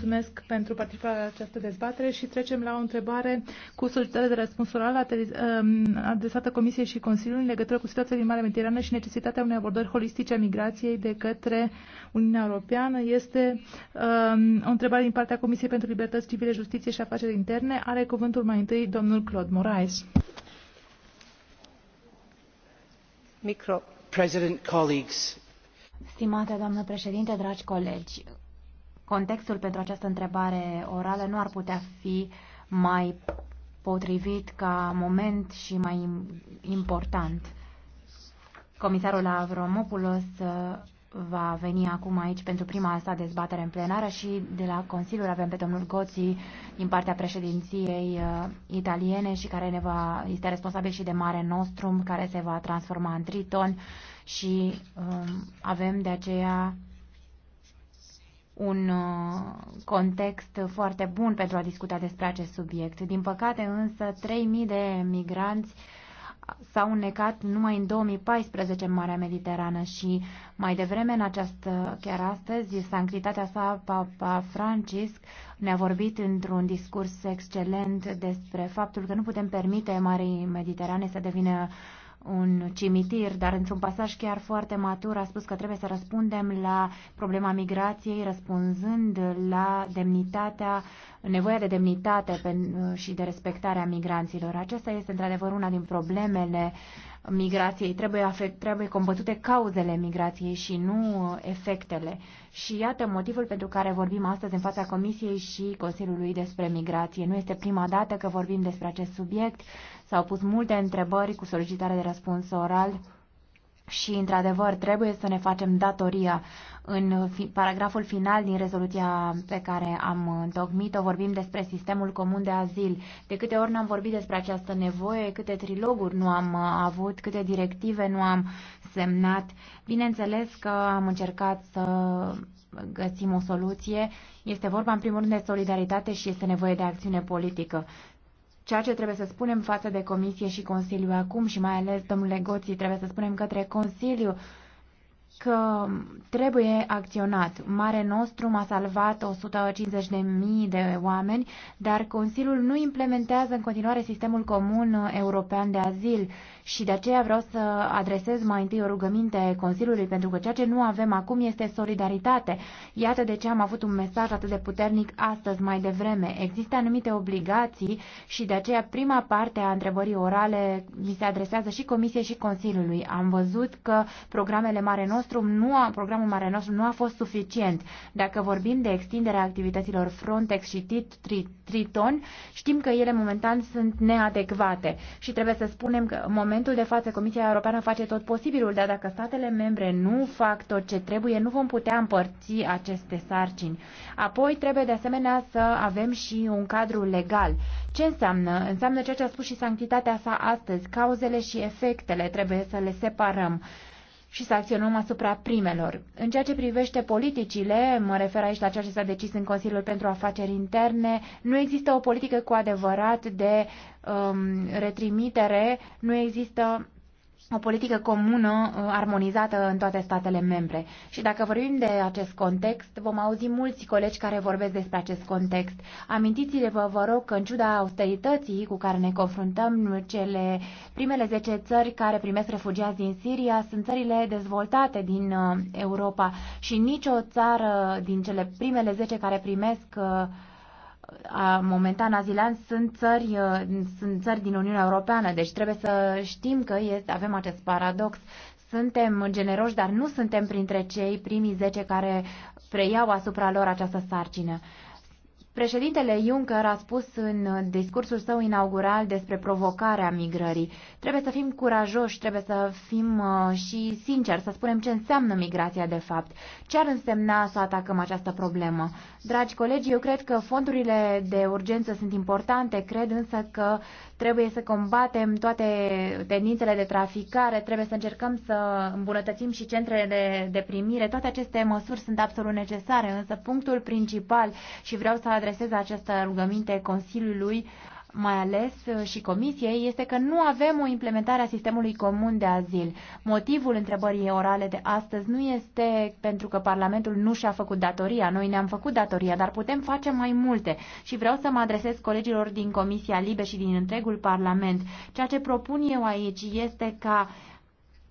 Mulțumesc pentru participarea la această dezbatere și trecem la o întrebare cu solicitare de răspuns oral um, adresată Comisiei și Consiliului în legătură cu situația din Marea Mediterană și necesitatea unei abordări holistice a migrației de către Uniunea Europeană. Este um, o întrebare din partea Comisiei pentru Libertăți Civile, Justiție și Afaceri Interne. Are cuvântul mai întâi domnul Claude Moraes. Micro. President, colleagues. Stimate doamnă președinte, dragi colegi, contextul pentru această întrebare orală nu ar putea fi mai potrivit ca moment și mai important. Comisarul Avromopoulos uh, va veni acum aici pentru prima sa dezbatere în plenară și de la Consiliul avem pe domnul Goți din partea președinției uh, italiene și care ne va, este responsabil și de Mare Nostrum, care se va transforma în Triton și um, avem de aceea un uh, context foarte bun pentru a discuta despre acest subiect. Din păcate însă 3.000 de migranți s-au necat numai în 2014 în Marea Mediterană și mai devreme în această, chiar astăzi, sanctitatea sa, Papa Francisc, ne-a vorbit într-un discurs excelent despre faptul că nu putem permite Marii Mediterane să devină un cimitir, dar într-un pasaj chiar foarte matur a spus că trebuie să răspundem la problema migrației, răspunzând la demnitatea, nevoia de demnitate și de respectarea migranților. Aceasta este într-adevăr una din problemele migrației. Trebuie, afect, trebuie combătute cauzele migrației și nu efectele. Și iată motivul pentru care vorbim astăzi în fața Comisiei și Consiliului despre migrație. Nu este prima dată că vorbim despre acest subiect. S-au pus multe întrebări cu solicitare de răspuns oral și, într-adevăr, trebuie să ne facem datoria. În paragraful final din rezoluția pe care am întocmit-o vorbim despre sistemul comun de azil. De câte ori n-am vorbit despre această nevoie, câte triloguri nu am avut, câte directive nu am semnat. Bineînțeles că am încercat să găsim o soluție. Este vorba, în primul rând, de solidaritate și este nevoie de acțiune politică. Ceea ce trebuie să spunem față de Comisie și Consiliu acum și mai ales, domnule Goții, trebuie să spunem către Consiliu că trebuie acționat. Mare Nostrum a salvat 150.000 de oameni, dar Consiliul nu implementează în continuare sistemul comun european de azil și de aceea vreau să adresez mai întâi o rugăminte Consiliului, pentru că ceea ce nu avem acum este solidaritate. Iată de ce am avut un mesaj atât de puternic astăzi, mai devreme. Există anumite obligații și de aceea prima parte a întrebării orale mi se adresează și Comisiei și Consiliului. Am văzut că programele Mare Nostru nu a, programul Mare Nostru nu a fost suficient. Dacă vorbim de extinderea activităților Frontex și Triton, știm că ele momentan sunt neadecvate și trebuie să spunem că moment momentul de față Comisia Europeană face tot posibilul, dar dacă statele membre nu fac tot ce trebuie, nu vom putea împărți aceste sarcini. Apoi trebuie de asemenea să avem și un cadru legal. Ce înseamnă? Înseamnă ceea ce a spus și sanctitatea sa astăzi. Cauzele și efectele trebuie să le separăm și să acționăm asupra primelor. În ceea ce privește politicile, mă refer aici la ceea ce s-a decis în Consiliul pentru Afaceri Interne, nu există o politică cu adevărat de um, retrimitere, nu există o politică comună uh, armonizată în toate statele membre. Și dacă vorbim de acest context, vom auzi mulți colegi care vorbesc despre acest context. Amintiți-vă, vă rog, că în ciuda austerității cu care ne confruntăm, cele primele 10 țări care primesc refugiați din Siria sunt țările dezvoltate din uh, Europa și nicio țară din cele primele 10 care primesc uh, a, momentan azilanți sunt țări, sunt țări din Uniunea Europeană, deci trebuie să știm că este, avem acest paradox. Suntem generoși, dar nu suntem printre cei primii zece care preiau asupra lor această sarcină. Președintele Juncker a spus în discursul său inaugural despre provocarea migrării. Trebuie să fim curajoși, trebuie să fim uh, și sinceri, să spunem ce înseamnă migrația de fapt. Ce ar însemna să atacăm această problemă? Dragi colegi, eu cred că fondurile de urgență sunt importante, cred însă că Trebuie să combatem toate tendințele de traficare, trebuie să încercăm să îmbunătățim și centrele de, de primire. Toate aceste măsuri sunt absolut necesare, însă punctul principal și vreau să adresez această rugăminte Consiliului mai ales uh, și Comisiei, este că nu avem o implementare a sistemului comun de azil. Motivul întrebării orale de astăzi nu este pentru că Parlamentul nu și-a făcut datoria. Noi ne-am făcut datoria, dar putem face mai multe. Și vreau să mă adresez colegilor din Comisia Libe și din întregul Parlament. Ceea ce propun eu aici este ca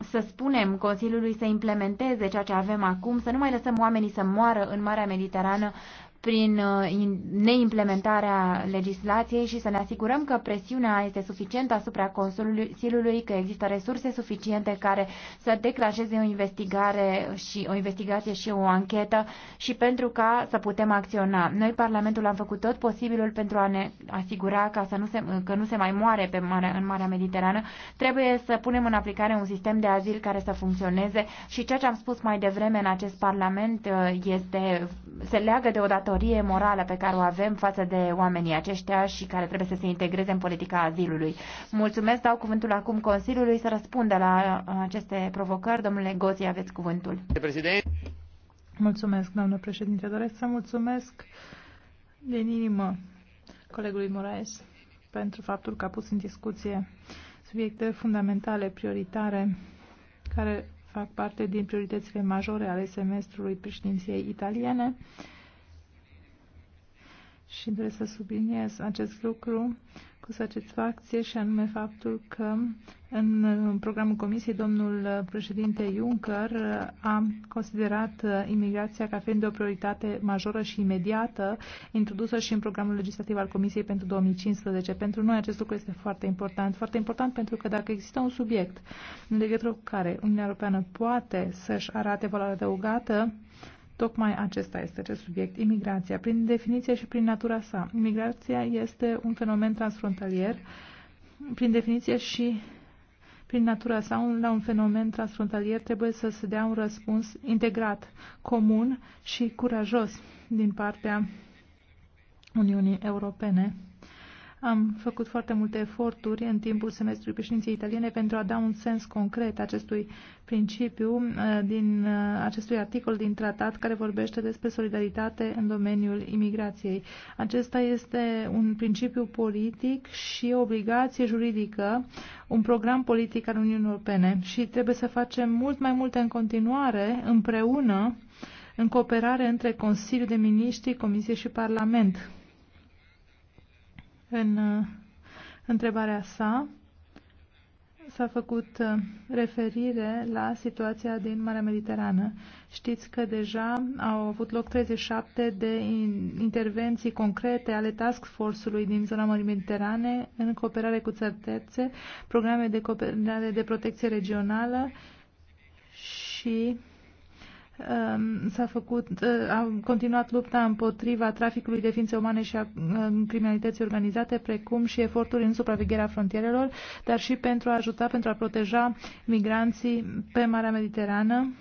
să spunem Consiliului să implementeze ceea ce avem acum, să nu mai lăsăm oamenii să moară în Marea Mediterană prin uh, neimplementarea legislației și să ne asigurăm că presiunea este suficientă asupra Consiliului, că există resurse suficiente care să declanșeze o investigare și o investigație și o anchetă și pentru ca să putem acționa. Noi, Parlamentul, am făcut tot posibilul pentru a ne asigura ca să nu se, că nu se mai moare pe mare, în Marea Mediterană. Trebuie să punem în aplicare un sistem de azil care să funcționeze și ceea ce am spus mai devreme în acest Parlament uh, este, se leagă deodată datorie morală pe care o avem față de oamenii aceștia și care trebuie să se integreze în politica azilului. Mulțumesc, dau cuvântul acum Consiliului să răspundă la uh, aceste provocări. Domnule Gozi, aveți cuvântul. Președinte. Mulțumesc, doamnă președinte. Doresc să mulțumesc din inimă colegului Moraes pentru faptul că a pus în discuție subiecte fundamentale, prioritare, care fac parte din prioritățile majore ale semestrului președinției italiene și vreau să subliniez acest lucru cu satisfacție și anume faptul că în programul Comisiei domnul președinte Juncker a considerat imigrația ca fiind o prioritate majoră și imediată introdusă și în programul legislativ al Comisiei pentru 2015. Pentru noi acest lucru este foarte important. Foarte important pentru că dacă există un subiect în legătură cu care Uniunea Europeană poate să-și arate valoarea adăugată, Tocmai acesta este acest subiect, imigrația, prin definiție și prin natura sa. Imigrația este un fenomen transfrontalier, prin definiție și prin natura sa un, la un fenomen transfrontalier trebuie să se dea un răspuns integrat, comun și curajos din partea Uniunii Europene am făcut foarte multe eforturi în timpul semestrului președinției italiene pentru a da un sens concret acestui principiu, uh, din uh, acestui articol din tratat care vorbește despre solidaritate în domeniul imigrației. Acesta este un principiu politic și o obligație juridică, un program politic al Uniunii Europene și trebuie să facem mult mai multe în continuare împreună în cooperare între Consiliul de Miniștri, Comisie și Parlament în uh, întrebarea sa s-a făcut uh, referire la situația din Marea Mediterană. Știți că deja au avut loc 37 de intervenții concrete ale task force-ului din zona Mării Mediterane în cooperare cu țări terțe, programe de cooperare de protecție regională și s-a făcut, ă, a continuat lupta împotriva traficului de ființe umane și a ă, criminalității organizate, precum și eforturi în supravegherea frontierelor, dar și pentru a ajuta, pentru a proteja migranții pe Marea Mediterană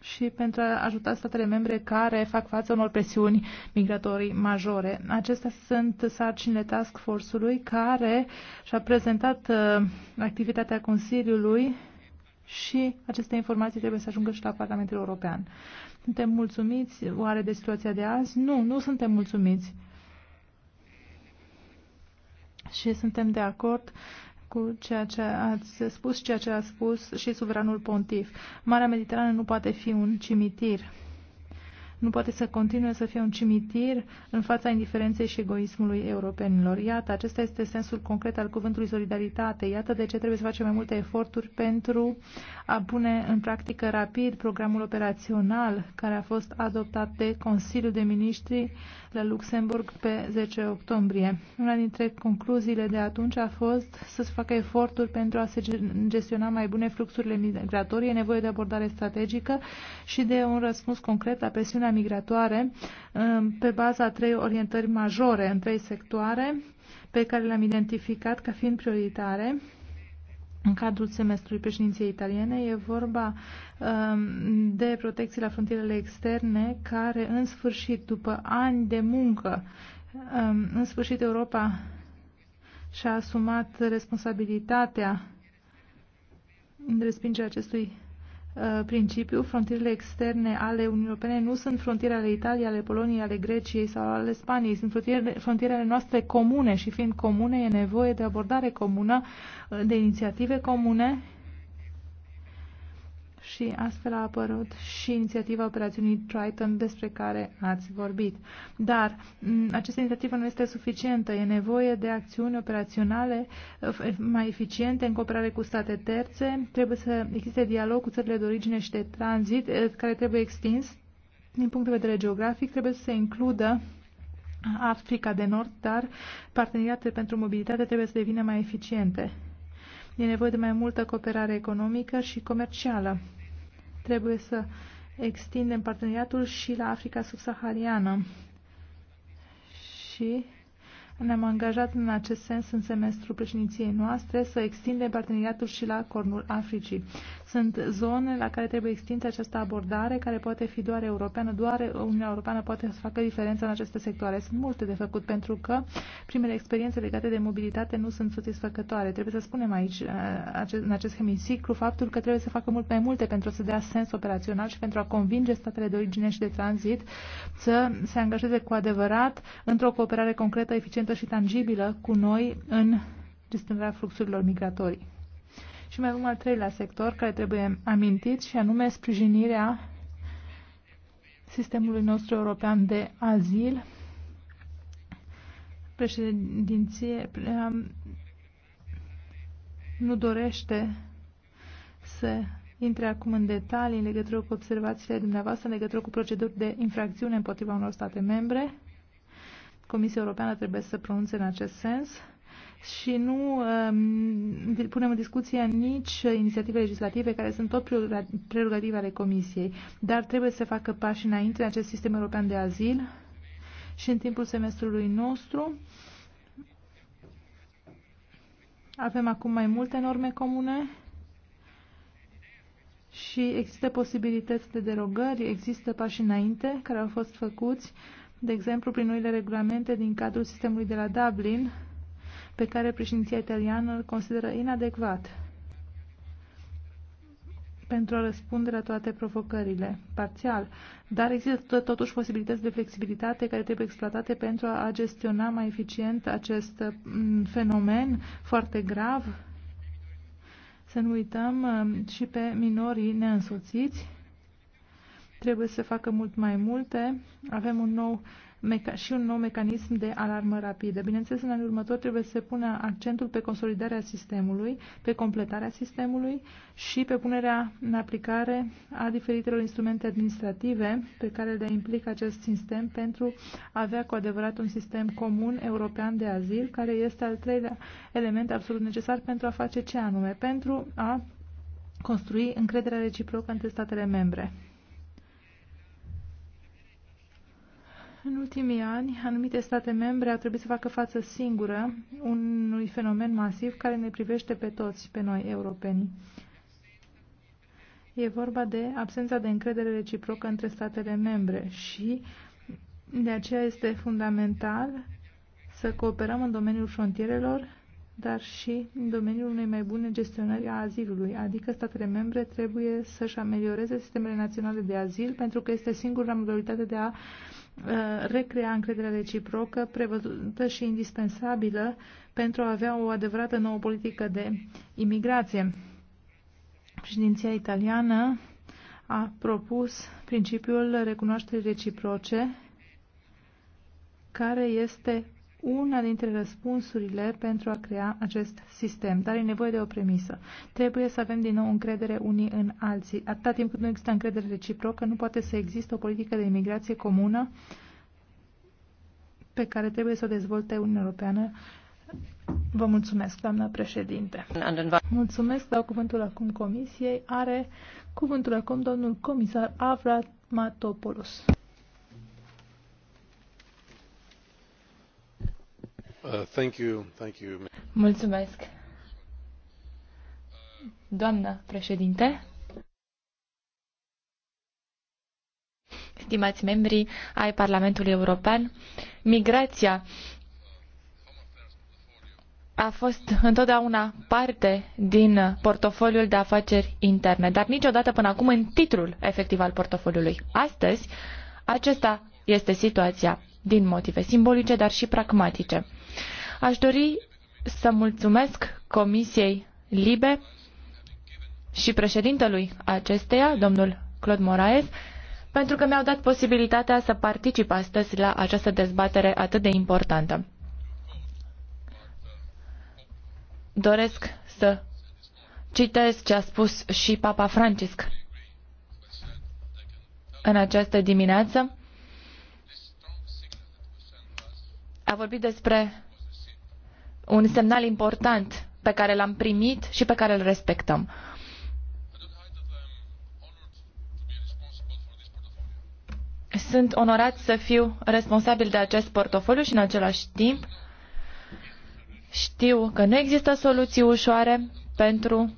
și pentru a ajuta statele membre care fac față unor presiuni migratorii majore. Acestea sunt sarcinile task force-ului care și-a prezentat ă, activitatea Consiliului și aceste informații trebuie să ajungă și la Parlamentul European. Suntem mulțumiți oare de situația de azi? Nu, nu suntem mulțumiți. Și suntem de acord cu ceea ce ați spus, ceea ce a spus și suveranul pontif. Marea Mediterană nu poate fi un cimitir nu poate să continue să fie un cimitir în fața indiferenței și egoismului europenilor. Iată, acesta este sensul concret al cuvântului solidaritate. Iată de ce trebuie să facem mai multe eforturi pentru a pune în practică rapid programul operațional care a fost adoptat de Consiliul de Ministri la Luxemburg pe 10 octombrie. Una dintre concluziile de atunci a fost să se facă eforturi pentru a se gestiona mai bune fluxurile migratorii, e nevoie de abordare strategică și de un răspuns concret la presiunea presiunea migratoare um, pe baza a trei orientări majore în trei sectoare pe care le-am identificat ca fiind prioritare în cadrul semestrului președinției italiene. E vorba um, de protecție la frontierele externe care, în sfârșit, după ani de muncă, um, în sfârșit Europa și-a asumat responsabilitatea în respingerea acestui Uh, principiu, frontierele externe ale Uniunii Europene nu sunt frontiere ale Italiei, ale Poloniei, ale Greciei sau ale Spaniei, sunt frontierele, frontierele noastre comune și fiind comune e nevoie de abordare comună, uh, de inițiative comune și astfel a apărut și inițiativa operațiunii Triton despre care ați vorbit. Dar această inițiativă nu este suficientă. E nevoie de acțiuni operaționale uh, mai eficiente în cooperare cu state terțe. Trebuie să existe dialog cu țările de origine și de tranzit uh, care trebuie extins. Din punct de vedere geografic, trebuie să se includă Africa de Nord, dar parteneriatele pentru mobilitate trebuie să devină mai eficiente. E nevoie de mai multă cooperare economică și comercială. Trebuie să extindem parteneriatul și la Africa subsahariană. Și ne-am angajat în acest sens în semestrul președinției noastre să extindem parteneriatul și la Cornul Africii. Sunt zone la care trebuie extinsă această abordare, care poate fi doar europeană, doar Uniunea Europeană poate să facă diferența în aceste sectoare. Sunt multe de făcut pentru că primele experiențe legate de mobilitate nu sunt satisfăcătoare. Trebuie să spunem aici, uh, în acest hemiciclu, faptul că trebuie să facă mult mai multe pentru să dea sens operațional și pentru a convinge statele de origine și de tranzit să se angajeze cu adevărat într-o cooperare concretă, eficientă și tangibilă cu noi în gestionarea fluxurilor migratorii. Și mai avem al treilea sector care trebuie amintit și anume sprijinirea sistemului nostru european de azil. Președinție nu dorește să intre acum în detalii în legătură cu observațiile dumneavoastră, în legătură cu proceduri de infracțiune împotriva unor state membre. Comisia Europeană trebuie să pronunțe în acest sens și nu um, punem în discuție nici inițiative legislative care sunt tot prerogative ale Comisiei, dar trebuie să facă pași înainte în acest sistem european de azil și în timpul semestrului nostru. Avem acum mai multe norme comune și există posibilități de derogări, există pași înainte care au fost făcuți, de exemplu, prin noile regulamente din cadrul sistemului de la Dublin, pe care președinția italiană îl consideră inadecvat pentru a răspunde la toate provocările, parțial, dar există totuși posibilități de flexibilitate care trebuie exploatate pentru a gestiona mai eficient acest mm, fenomen foarte grav. Să nu uităm mm, și pe minorii neînsoțiți. Trebuie să facă mult mai multe. Avem un nou și un nou mecanism de alarmă rapidă. Bineînțeles, în anul următor trebuie să se pună accentul pe consolidarea sistemului, pe completarea sistemului și pe punerea în aplicare a diferitelor instrumente administrative pe care le implică acest sistem pentru a avea cu adevărat un sistem comun european de azil, care este al treilea element absolut necesar pentru a face ce anume? Pentru a construi încrederea reciprocă între statele membre. În ultimii ani, anumite state membre au trebuit să facă față singură unui fenomen masiv care ne privește pe toți, pe noi, europeni. E vorba de absența de încredere reciprocă între statele membre și de aceea este fundamental să cooperăm în domeniul frontierelor, dar și în domeniul unei mai bune gestionări a azilului, adică statele membre trebuie să-și amelioreze sistemele naționale de azil pentru că este singura modalitate de a Uh, recrea încrederea reciprocă prevăzută și indispensabilă pentru a avea o adevărată nouă politică de imigrație. Președinția italiană a propus principiul recunoașterii reciproce, care este una dintre răspunsurile pentru a crea acest sistem, dar e nevoie de o premisă. Trebuie să avem din nou încredere unii în alții. Atâta timp cât nu există încredere reciprocă, nu poate să existe o politică de imigrație comună pe care trebuie să o dezvolte Uniunea Europeană. Vă mulțumesc, doamna președinte. Mulțumesc, dau cuvântul acum Comisiei. Are cuvântul acum domnul comisar Avrat Matopoulos. Uh, Mulțumesc. Doamnă președinte, stimați membri ai Parlamentului European, migrația a fost întotdeauna parte din portofoliul de afaceri interne, dar niciodată până acum în titlul efectiv al portofoliului. Astăzi, acesta este situația din motive simbolice, dar și pragmatice. Aș dori să mulțumesc Comisiei Libe și președintelui acesteia, domnul Claude Moraes, pentru că mi-au dat posibilitatea să particip astăzi la această dezbatere atât de importantă. Doresc să citez ce a spus și Papa Francisc în această dimineață. A vorbit despre un semnal important pe care l-am primit și pe care îl respectăm. Sunt onorat să fiu responsabil de acest portofoliu și în același timp știu că nu există soluții ușoare pentru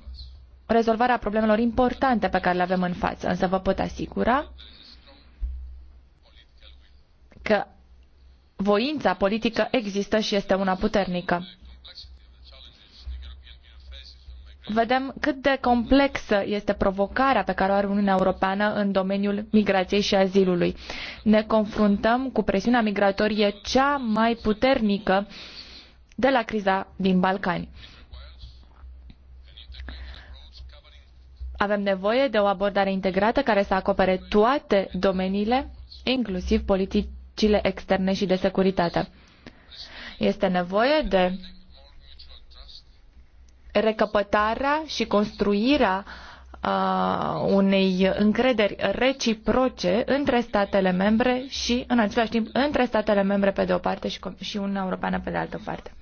rezolvarea problemelor importante pe care le avem în față, însă vă pot asigura că voința politică există și este una puternică. vedem cât de complexă este provocarea pe care o are Uniunea Europeană în domeniul migrației și azilului. Ne confruntăm cu presiunea migratorie cea mai puternică de la criza din Balcani. Avem nevoie de o abordare integrată care să acopere toate domeniile, inclusiv politicile externe și de securitate. Este nevoie de recăpătarea și construirea uh, unei încrederi reciproce între statele membre și, în același timp, între statele membre pe de o parte și, și Uniunea Europeană pe de altă parte.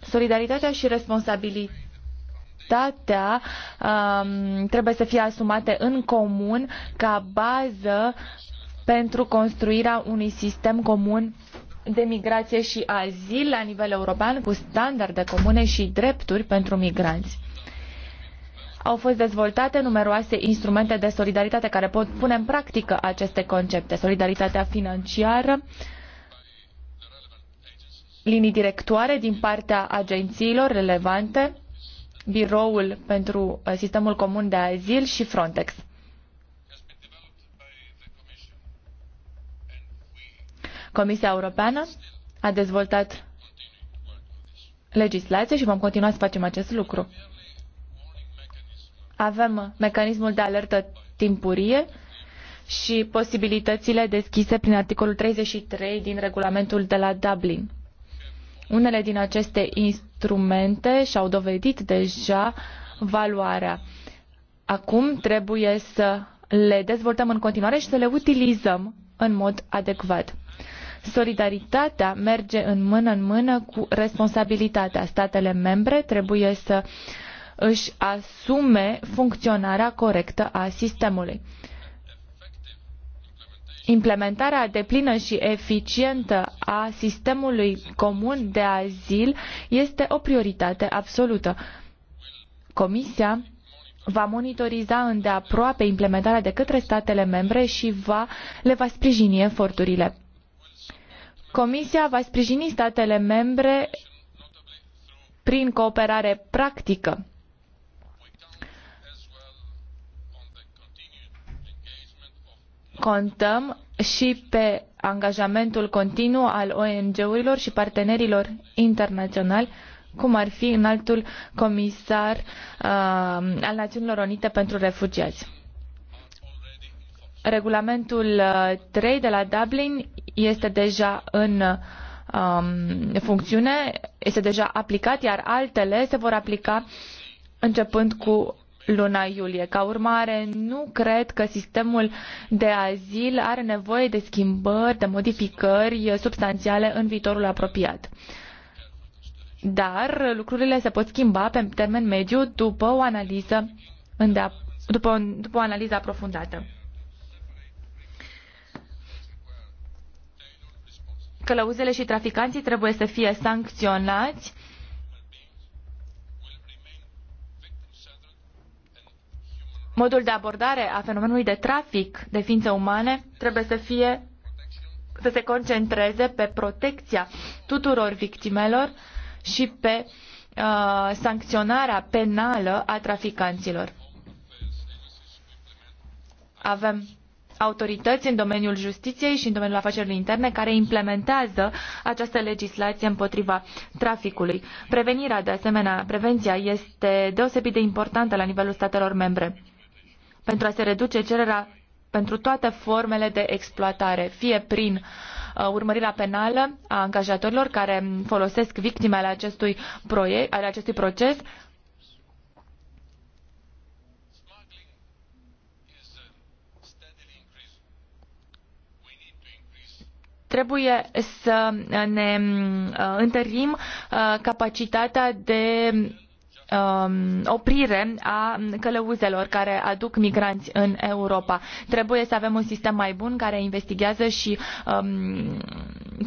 Solidaritatea și responsabilitatea um, trebuie să fie asumate în comun ca bază pentru construirea unui sistem comun de migrație și azil la nivel european cu standarde comune și drepturi pentru migranți. Au fost dezvoltate numeroase instrumente de solidaritate care pot pune în practică aceste concepte. Solidaritatea financiară, linii directoare din partea agențiilor relevante, Biroul pentru uh, Sistemul Comun de Azil și Frontex. Comisia Europeană a dezvoltat legislație și vom continua să facem acest lucru. Avem mecanismul de alertă timpurie și posibilitățile deschise prin articolul 33 din regulamentul de la Dublin. Unele din aceste instrumente și-au dovedit deja valoarea. Acum trebuie să le dezvoltăm în continuare și să le utilizăm în mod adecvat. Solidaritatea merge în mână în mână cu responsabilitatea. Statele membre trebuie să își asume funcționarea corectă a sistemului. Implementarea deplină și eficientă a sistemului comun de azil este o prioritate absolută. Comisia va monitoriza îndeaproape implementarea de către statele membre și va, le va sprijini eforturile. Comisia va sprijini statele membre prin cooperare practică. Contăm și pe angajamentul continuu al ONG-urilor și partenerilor internaționali, cum ar fi înaltul comisar uh, al Națiunilor Unite pentru Refugiați. Regulamentul 3 uh, de la Dublin este deja în um, funcțiune, este deja aplicat, iar altele se vor aplica începând cu luna iulie. Ca urmare, nu cred că sistemul de azil are nevoie de schimbări, de modificări substanțiale în viitorul apropiat. Dar lucrurile se pot schimba pe termen mediu după o analiză, după, după o analiză aprofundată. Călăuzele și traficanții trebuie să fie sancționați. Modul de abordare a fenomenului de trafic de ființe umane trebuie să fie să se concentreze pe protecția tuturor victimelor și pe uh, sancționarea penală a traficanților. Avem autorități în domeniul justiției și în domeniul afacerilor interne care implementează această legislație împotriva traficului. Prevenirea, de asemenea, prevenția este deosebit de importantă la nivelul statelor membre pentru a se reduce cererea pentru toate formele de exploatare, fie prin uh, urmărirea penală a angajatorilor care folosesc victimele acestui, proiect, ale acestui proces, trebuie să ne uh, întărim uh, capacitatea de um, oprire a călăuzelor care aduc migranți în Europa. Trebuie să avem un sistem mai bun care investigează și um,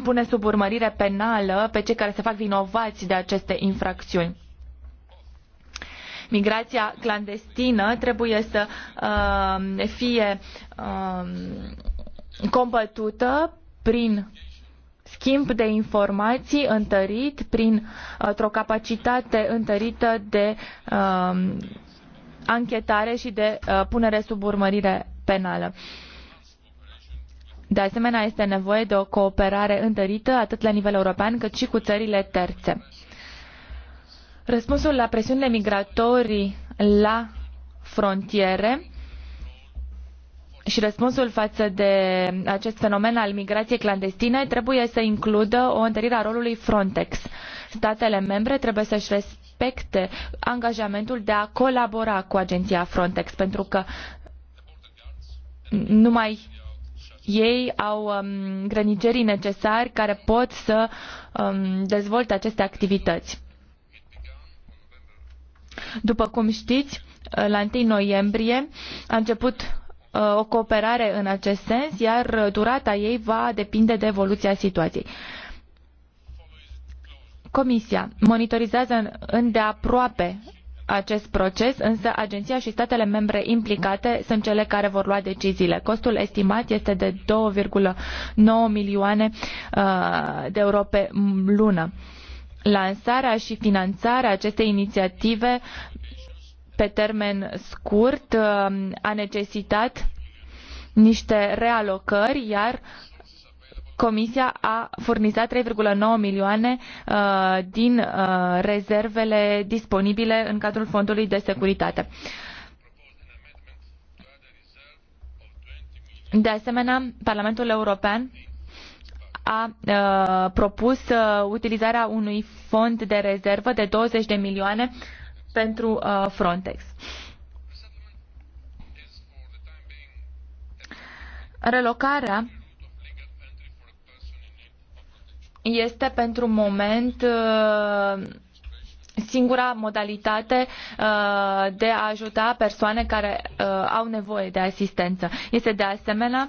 pune sub urmărire penală pe cei care se fac vinovați de aceste infracțiuni. Migrația clandestină trebuie să uh, fie uh, combătută prin schimb de informații întărit, prin uh, o capacitate întărită de uh, anchetare și de uh, punere sub urmărire penală. De asemenea, este nevoie de o cooperare întărită atât la nivel european cât și cu țările terțe. Răspunsul la presiunile migratorii la frontiere și răspunsul față de acest fenomen al migrației clandestine trebuie să includă o întărire a rolului Frontex. Statele membre trebuie să-și respecte angajamentul de a colabora cu agenția Frontex, pentru că numai ei au um, grănicerii necesari care pot să um, dezvolte aceste activități. După cum știți, la 1 noiembrie a început Uh, o cooperare în acest sens, iar durata ei va depinde de evoluția situației. Comisia monitorizează îndeaproape acest proces, însă agenția și statele membre implicate sunt cele care vor lua deciziile. Costul estimat este de 2,9 milioane uh, de euro pe lună. Lansarea și finanțarea acestei inițiative pe termen scurt uh, a necesitat niște realocări, iar Comisia a furnizat 3,9 milioane uh, din uh, rezervele disponibile în cadrul Fondului de Securitate. De asemenea, Parlamentul European a propus utilizarea unui fond de rezervă de 20 de milioane uh, pentru uh, Frontex. Relocarea este pentru moment uh, singura modalitate uh, de a ajuta persoane care uh, au nevoie de asistență. Este de asemenea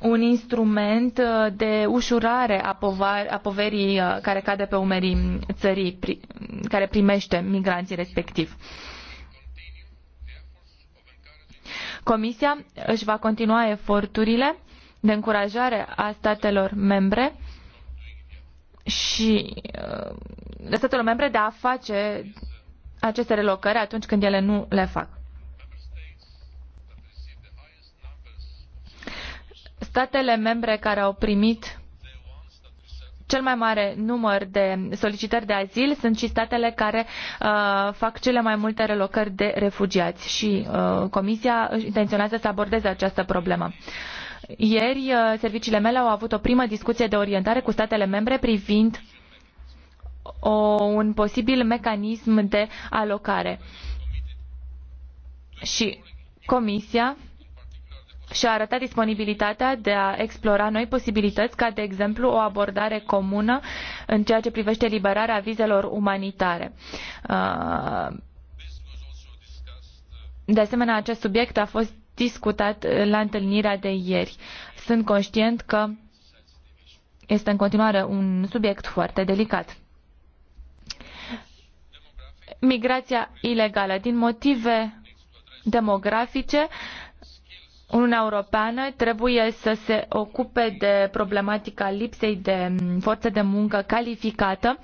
un instrument uh, de ușurare a, povar- a poverii uh, care cade pe umerii țării pri- care primește migranții respectiv. Comisia își va continua eforturile de încurajare a statelor membre și uh, de statelor membre de a face aceste relocări atunci când ele nu le fac. statele membre care au primit cel mai mare număr de solicitări de azil sunt și statele care uh, fac cele mai multe relocări de refugiați și uh, Comisia intenționează să abordeze această problemă. Ieri, uh, serviciile mele au avut o primă discuție de orientare cu statele membre privind o, un posibil mecanism de alocare. Și Comisia și-a arătat disponibilitatea de a explora noi posibilități, ca de exemplu o abordare comună în ceea ce privește liberarea vizelor umanitare. Uh, de asemenea, acest subiect a fost discutat la întâlnirea de ieri. Sunt conștient că este în continuare un subiect foarte delicat. Migrația ilegală. Din motive demografice, uh, Uniunea Europeană trebuie să se ocupe de problematica lipsei de forță de muncă calificată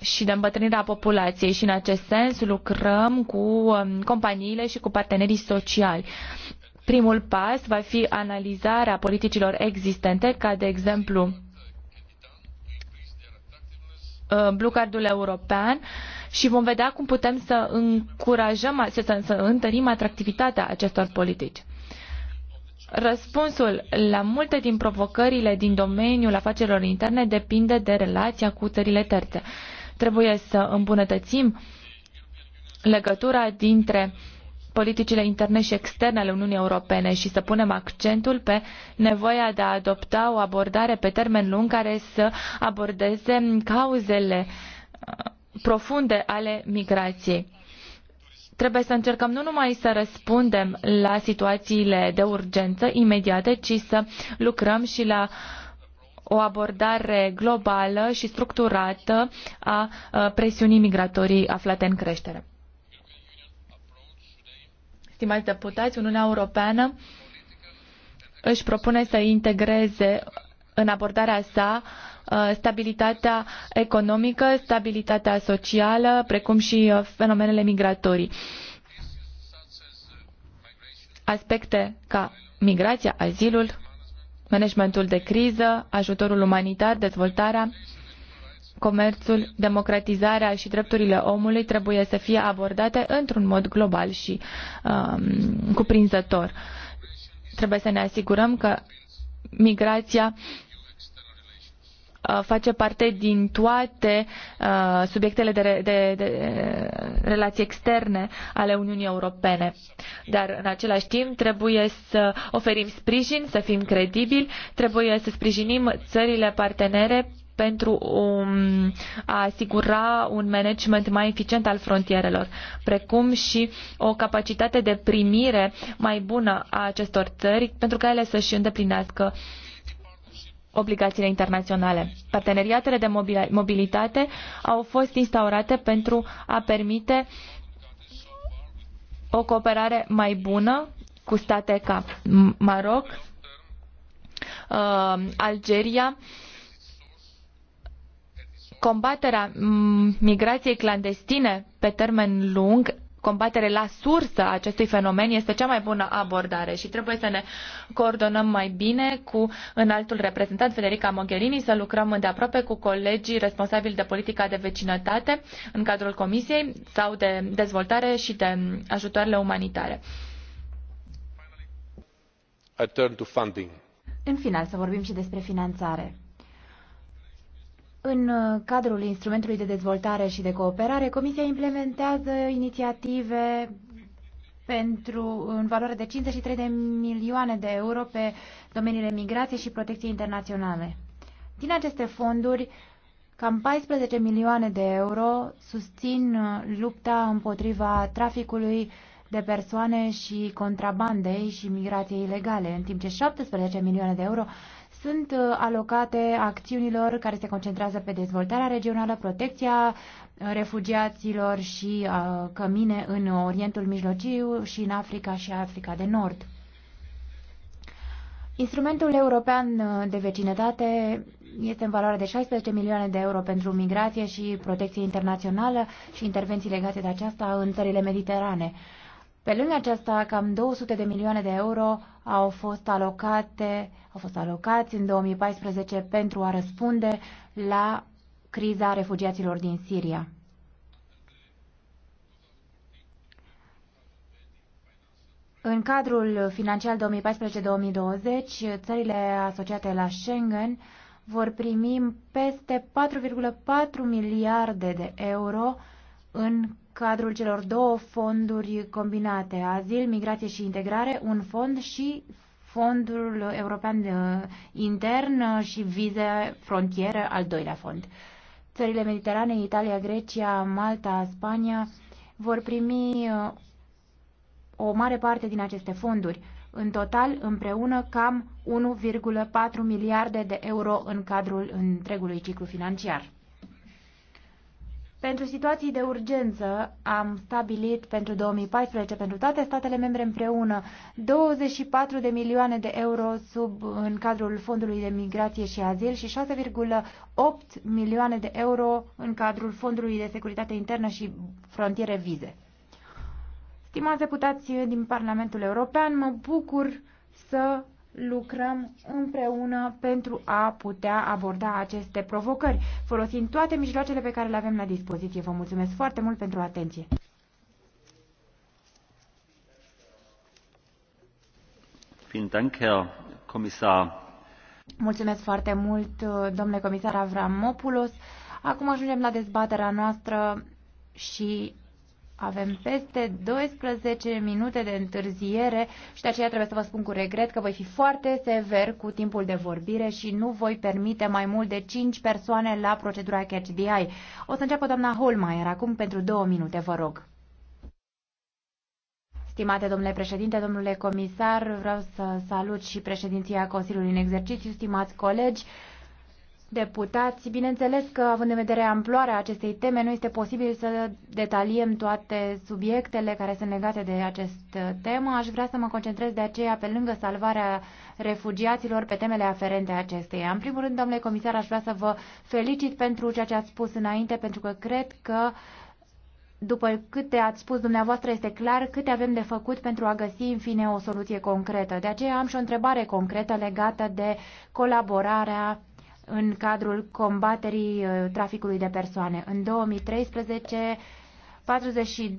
și de îmbătrânirea populației și în acest sens lucrăm cu um, companiile și cu partenerii sociali. Primul pas va fi analizarea politicilor existente, ca de exemplu uh, Blue european și vom vedea cum putem să încurajăm, să, să întărim atractivitatea acestor politici. Răspunsul la multe din provocările din domeniul afacerilor interne depinde de relația cu țările terțe. Trebuie să îmbunătățim legătura dintre politicile interne și externe ale Uniunii Europene și să punem accentul pe nevoia de a adopta o abordare pe termen lung care să abordeze cauzele uh, profunde ale migrației Trebuie să încercăm nu numai să răspundem la situațiile de urgență imediate, ci să lucrăm și la o abordare globală și structurată a presiunii migratorii aflate în creștere. Stimați deputați, Uniunea Europeană își propune să integreze în abordarea sa Uh, stabilitatea economică, stabilitatea socială, precum și uh, fenomenele migratorii. Aspecte ca migrația, azilul, managementul de criză, ajutorul umanitar, dezvoltarea, comerțul, democratizarea și drepturile omului trebuie să fie abordate într-un mod global și um, cuprinzător. Trebuie să ne asigurăm că migrația uh, Uh, face parte din toate uh, subiectele de, de, de relații externe ale Uniunii Europene. Dar în același timp trebuie să oferim sprijin, să fim credibili, trebuie să sprijinim țările partenere pentru um, a asigura un management mai eficient al frontierelor, precum și o capacitate de primire mai bună a acestor țări pentru ca ele să-și îndeplinească uh, obligațiile internaționale. Parteneriatele de mobilitate au fost instaurate pentru a permite o cooperare mai bună cu state ca Maroc, uh, Algeria, combaterea migrației clandestine pe termen lung combatere la sursă a acestui fenomen este cea mai bună abordare și trebuie să ne coordonăm mai bine cu înaltul reprezentant Federica Mogherini, să lucrăm îndeaproape cu colegii responsabili de politica de vecinătate în cadrul Comisiei sau de dezvoltare și de ajutoarele umanitare. I turn to funding. În final, să vorbim și despre finanțare. În uh, cadrul instrumentului de dezvoltare și de cooperare, Comisia implementează inițiative pentru în valoare de 53 de milioane de euro pe domeniile migrației și protecției internaționale. Din aceste fonduri, cam 14 milioane de euro susțin uh, lupta împotriva traficului de persoane și contrabandei și migrației ilegale, în timp ce 17 milioane de euro sunt uh, alocate acțiunilor care se concentrează pe dezvoltarea regională, protecția uh, refugiaților și uh, cămine în Orientul Mijlociu și în Africa și Africa de Nord. Instrumentul european de vecinătate este în valoare de 16 milioane de euro pentru migrație și protecție internațională și intervenții legate de aceasta în țările mediterane. Uh, pe lângă aceasta, cam 200 de milioane de euro au fost alocate, au fost alocați în 2014 pentru a răspunde la criza refugiaților din Siria. În cadrul financiar 2014-2020, țările asociate la Schengen vor primi peste 4,4 miliarde de euro în cadrul celor două fonduri combinate, azil, migrație și integrare, un fond și fondul european uh, intern uh, și vize frontieră, al doilea fond. Țările mediterane, Italia, Grecia, Malta, Spania vor primi uh, o mare parte din aceste fonduri. În total, împreună, cam 1,4 miliarde de euro în cadrul întregului ciclu financiar. Pentru situații de urgență am stabilit pentru 2014 pentru toate statele membre împreună 24 de milioane de euro sub, în cadrul Fondului de Migrație și Azil și 6,8 milioane de euro în cadrul Fondului de Securitate Internă și Frontiere Vize. Stimați deputați din Parlamentul European, mă bucur să lucrăm împreună pentru a putea aborda aceste provocări, folosind toate mijloacele pe care le avem la dispoziție. Vă mulțumesc foarte mult pentru atenție! Mulțumesc foarte mult, domnule comisar Avramopoulos. Acum ajungem la dezbaterea noastră și avem peste 12 minute de întârziere și de aceea trebuie să vă spun cu regret că voi fi foarte sever cu timpul de vorbire și nu voi permite mai mult de 5 persoane la procedura Catch the Eye. O să înceapă doamna Holmeier acum pentru două minute, vă rog. Stimate domnule președinte, domnule comisar, vreau să salut și președinția Consiliului în exercițiu, stimați colegi deputați. Bineînțeles că, având în vedere amploarea acestei teme, nu este posibil să detaliem toate subiectele care sunt legate de această temă. Aș vrea să mă concentrez de aceea pe lângă salvarea refugiaților pe temele aferente acesteia. În primul rând, domnule comisar, aș vrea să vă felicit pentru ceea ce ați spus înainte, pentru că cred că după câte ați spus dumneavoastră, este clar câte avem de făcut pentru a găsi, în fine, o soluție concretă. De aceea am și o întrebare concretă legată de colaborarea în cadrul combaterii uh, traficului de persoane. În 2013, 42.000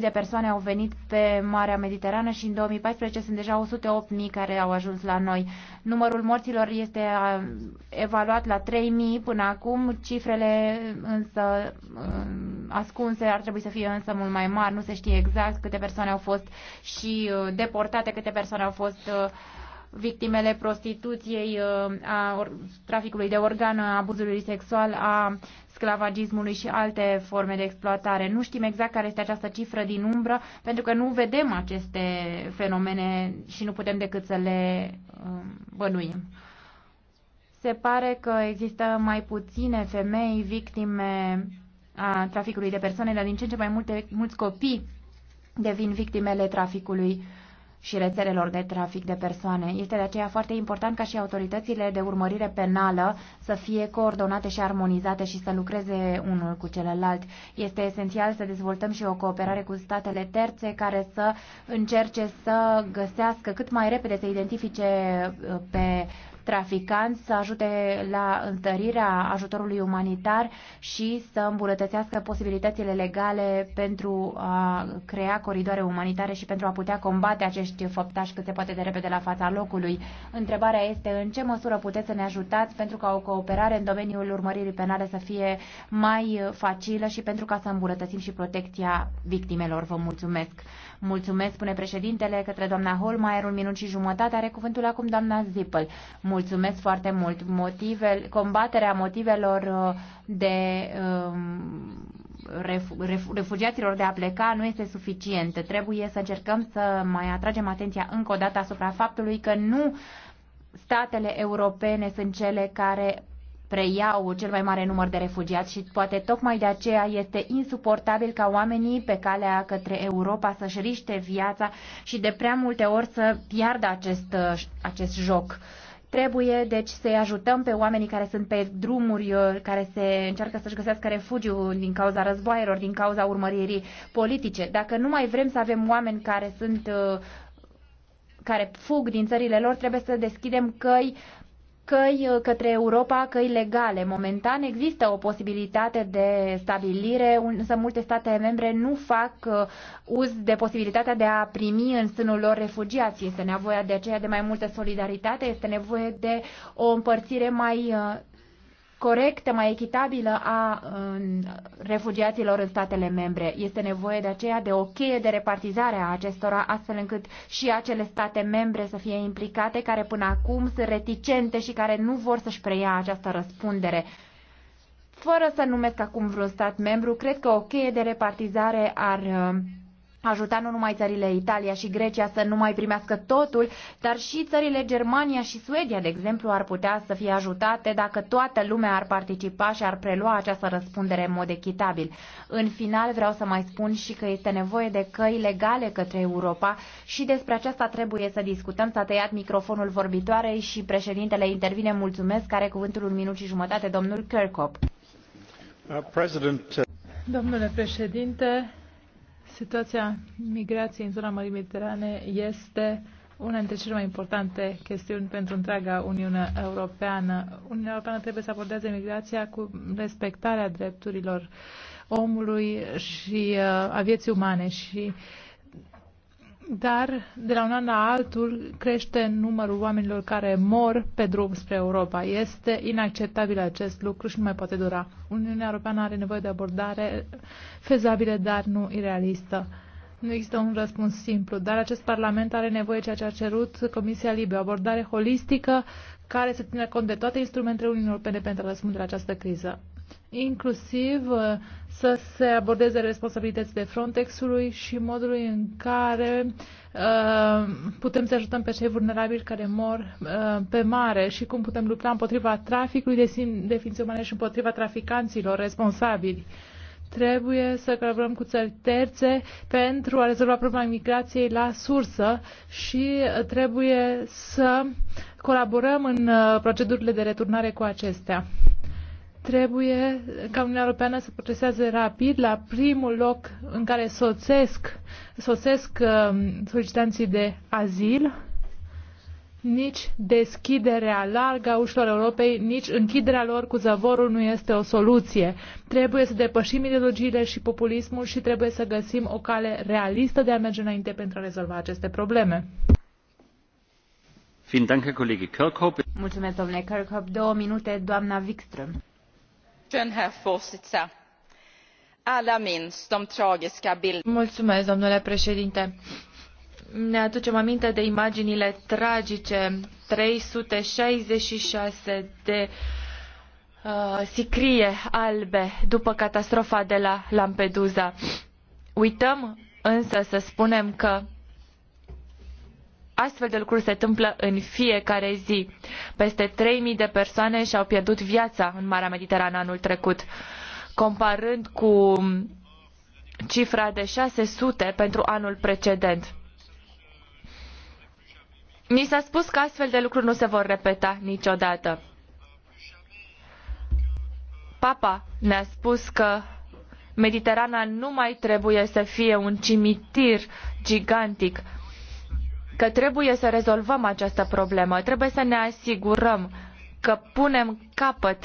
de persoane au venit pe Marea Mediterană și în 2014 sunt deja 108.000 care au ajuns la noi. Numărul morților este uh, evaluat la 3.000 până acum, cifrele însă uh, ascunse ar trebui să fie însă mult mai mari, nu se știe exact câte persoane au fost și deportate, câte persoane au fost uh, victimele prostituției, uh, a traficului de organ, a abuzului sexual, a sclavagismului și alte forme de exploatare. Nu știm exact care este această cifră din umbră, pentru că nu vedem aceste fenomene și nu putem decât să le um, bănuim. Se pare că există mai puține femei victime a traficului de persoane, dar din ce în ce mai multe, mulți copii devin victimele traficului și rețelelor de trafic de persoane. Este de aceea foarte important ca și autoritățile de urmărire penală să fie coordonate și armonizate și să lucreze unul cu celălalt. Este esențial să dezvoltăm și o cooperare cu statele terțe care să încerce să găsească cât mai repede să identifice uh, pe traficanți, să ajute la întărirea ajutorului umanitar și să îmbunătățească posibilitățile legale pentru a crea coridoare umanitare și pentru a putea combate acești făptași cât se poate de repede la fața locului. Întrebarea este în ce măsură puteți să ne ajutați pentru ca o cooperare în domeniul urmăririi penale să fie mai facilă și pentru ca să îmbunătățim și protecția victimelor. Vă mulțumesc! Mulțumesc, spune președintele, către doamna Holmeier, un minut și jumătate. Are cuvântul acum doamna Zippel. Mulțumesc foarte mult. Motive, combaterea motivelor uh, de um, refugiaților de a pleca nu este suficientă. Trebuie să încercăm să mai atragem atenția încă o dată asupra faptului că nu statele europene sunt cele care preiau cel mai mare număr de refugiați și poate tocmai de aceea este insuportabil ca oamenii pe calea către Europa să-și riște viața și de prea multe ori să piardă acest, acest joc. Trebuie, deci, să-i ajutăm pe oamenii care sunt pe drumuri, care se încearcă să-și găsească refugiu din cauza războaielor, din cauza urmăririi politice. Dacă nu mai vrem să avem oameni care sunt care fug din țările lor, trebuie să deschidem căi căi uh, către Europa, căi legale. Momentan există o posibilitate de stabilire, însă multe state membre nu fac uh, uz de posibilitatea de a primi în sânul lor refugiații. Este nevoie de aceea de mai multă solidaritate, este nevoie de o împărțire mai uh, corectă, mai echitabilă a refugiaților în statele membre. Este nevoie de aceea de o cheie de repartizare a acestora, astfel încât și acele state membre să fie implicate, care până acum sunt reticente și care nu vor să-și preia această răspundere. Fără să numesc acum vreun stat membru, cred că o cheie de repartizare ar ajuta nu numai țările Italia și Grecia să nu mai primească totul, dar și țările Germania și Suedia, de exemplu, ar putea să fie ajutate dacă toată lumea ar participa și ar prelua această răspundere în mod echitabil. În final vreau să mai spun și că este nevoie de căi legale către Europa și despre aceasta trebuie să discutăm. S-a tăiat microfonul vorbitoarei și președintele intervine. Mulțumesc, care cuvântul un minut și jumătate, domnul Kirkop. Uh, uh, Domnule președinte, Situația migrației în zona Mării Mediterane este una dintre cele mai importante chestiuni pentru întreaga Uniune Europeană. Uniunea Europeană trebuie să abordeze migrația cu respectarea drepturilor omului și uh, a vieții umane și uh, dar de la un an la altul crește numărul oamenilor care mor pe drum spre Europa. Este inacceptabil acest lucru și nu mai poate dura. Uniunea Europeană are nevoie de abordare fezabilă, dar nu irealistă. Nu există un răspuns simplu, dar acest Parlament are nevoie ceea ce a cerut Comisia Libe, o abordare holistică care să țină cont de toate instrumentele Uniunii Europene pentru a răspunde la această criză inclusiv uh, să se abordeze responsabilitățile Frontexului și modului în care uh, putem să ajutăm pe cei vulnerabili care mor uh, pe mare și cum putem lupta împotriva traficului de, de ființe umane și împotriva traficanților responsabili. Trebuie să colaborăm cu țări terțe pentru a rezolva problema migrației la sursă și trebuie să colaborăm în uh, procedurile de returnare cu acestea. Trebuie ca Uniunea Europeană să proceseze rapid la primul loc în care soțesc, soțesc uh, solicitanții de azil, nici deschiderea largă a ușilor Europei, nici închiderea lor cu zăvorul nu este o soluție. Trebuie să depășim ideologiile și populismul și trebuie să găsim o cale realistă de a merge înainte pentru a rezolva aceste probleme. Mulțumesc, domnule Kirchhoff. Două minute, doamna Wikström Mulțumesc, domnule președinte ne aducem aminte de imaginile tragice 366 de uh, sicrie albe după catastrofa de la Lampedusa. Uităm însă să spunem că Astfel de lucruri se întâmplă în fiecare zi. Peste 3.000 de persoane și-au pierdut viața în Marea Mediterană anul trecut, comparând cu cifra de 600 pentru anul precedent. Ni s-a spus că astfel de lucruri nu se vor repeta niciodată. Papa ne-a spus că Mediterana nu mai trebuie să fie un cimitir gigantic că trebuie să rezolvăm această problemă. Trebuie să ne asigurăm că punem capăt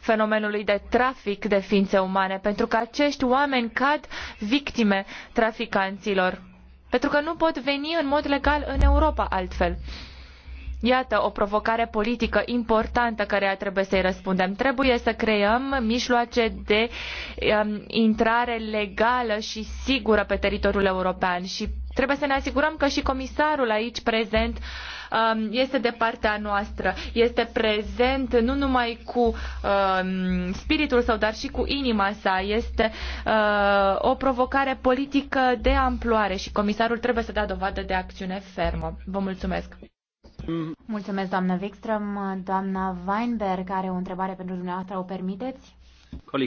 fenomenului de trafic de ființe umane, pentru că acești oameni cad victime traficanților, pentru că nu pot veni în mod legal în Europa altfel. Iată o provocare politică importantă care trebuie să-i răspundem. Trebuie să creăm mijloace de um, intrare legală și sigură pe teritoriul european și Trebuie să ne asigurăm că și comisarul aici prezent um, este de partea noastră, este prezent nu numai cu um, spiritul său, dar și cu inima sa. Este uh, o provocare politică de amploare și comisarul trebuie să dea dovadă de acțiune fermă. Vă mulțumesc! Mulțumesc, doamnă Wikström. Doamna Weinberg are o întrebare pentru dumneavoastră. O permiteți?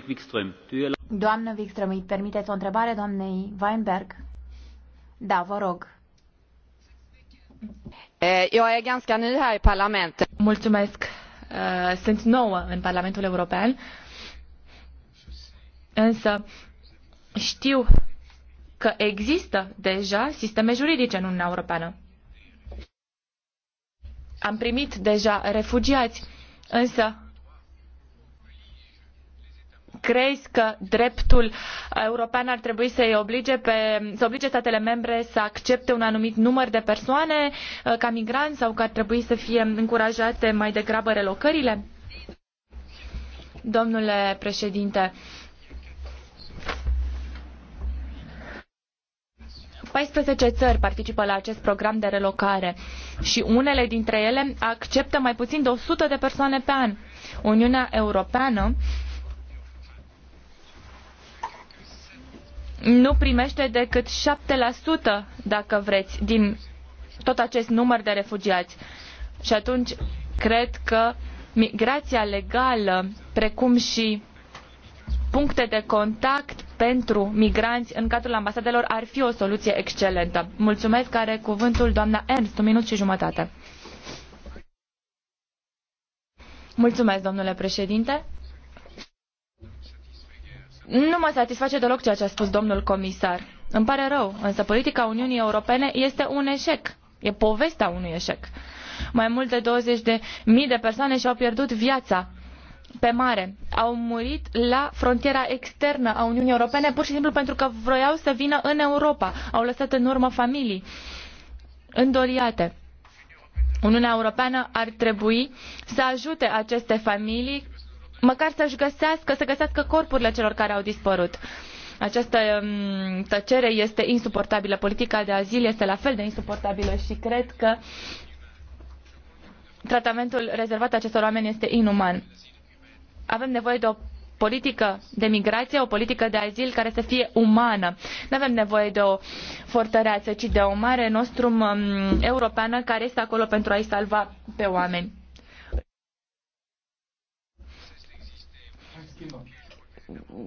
Wikström. Doamnă Wikström, îi permiteți o întrebare doamnei Weinberg? Da, vă rog. Eu eh, e ganska ny här i parlamentet. Mulțumesc. Eh, sunt nouă în Parlamentul European. Însă știu că există deja sisteme juridice în Uniunea Europeană. Am primit deja refugiați, însă crezi că dreptul european ar trebui să oblige, pe, să oblige statele membre să accepte un anumit număr de persoane uh, ca migranți sau că ar trebui să fie încurajate mai degrabă relocările? Domnule președinte, 14 țări participă la acest program de relocare și unele dintre ele acceptă mai puțin de 100 de persoane pe an. Uniunea Europeană nu primește decât 7% dacă vreți din tot acest număr de refugiați. Și atunci cred că migrația legală, precum și puncte de contact pentru migranți în cadrul ambasadelor ar fi o soluție excelentă. Mulțumesc, are cuvântul doamna Ernst, un minut și jumătate. Mulțumesc, domnule președinte. Nu mă satisface deloc ceea ce a spus domnul comisar. Îmi pare rău, însă politica Uniunii Europene este un eșec. E povestea unui eșec. Mai mult de 20 de mii de persoane și-au pierdut viața pe mare. Au murit la frontiera externă a Uniunii Europene pur și simplu pentru că vroiau să vină în Europa. Au lăsat în urmă familii îndoriate. Uniunea Europeană ar trebui să ajute aceste familii măcar să-și găsească, să găsească corpurile celor care au dispărut. Această mm, tăcere este insuportabilă. Politica de azil este la fel de insuportabilă și cred că tratamentul rezervat acestor oameni este inuman. Avem nevoie de o politică de migrație, o politică de azil care să fie umană. Nu avem nevoie de o fortăreață, ci de o mare nostrum mm, europeană care este acolo pentru a-i salva pe oameni.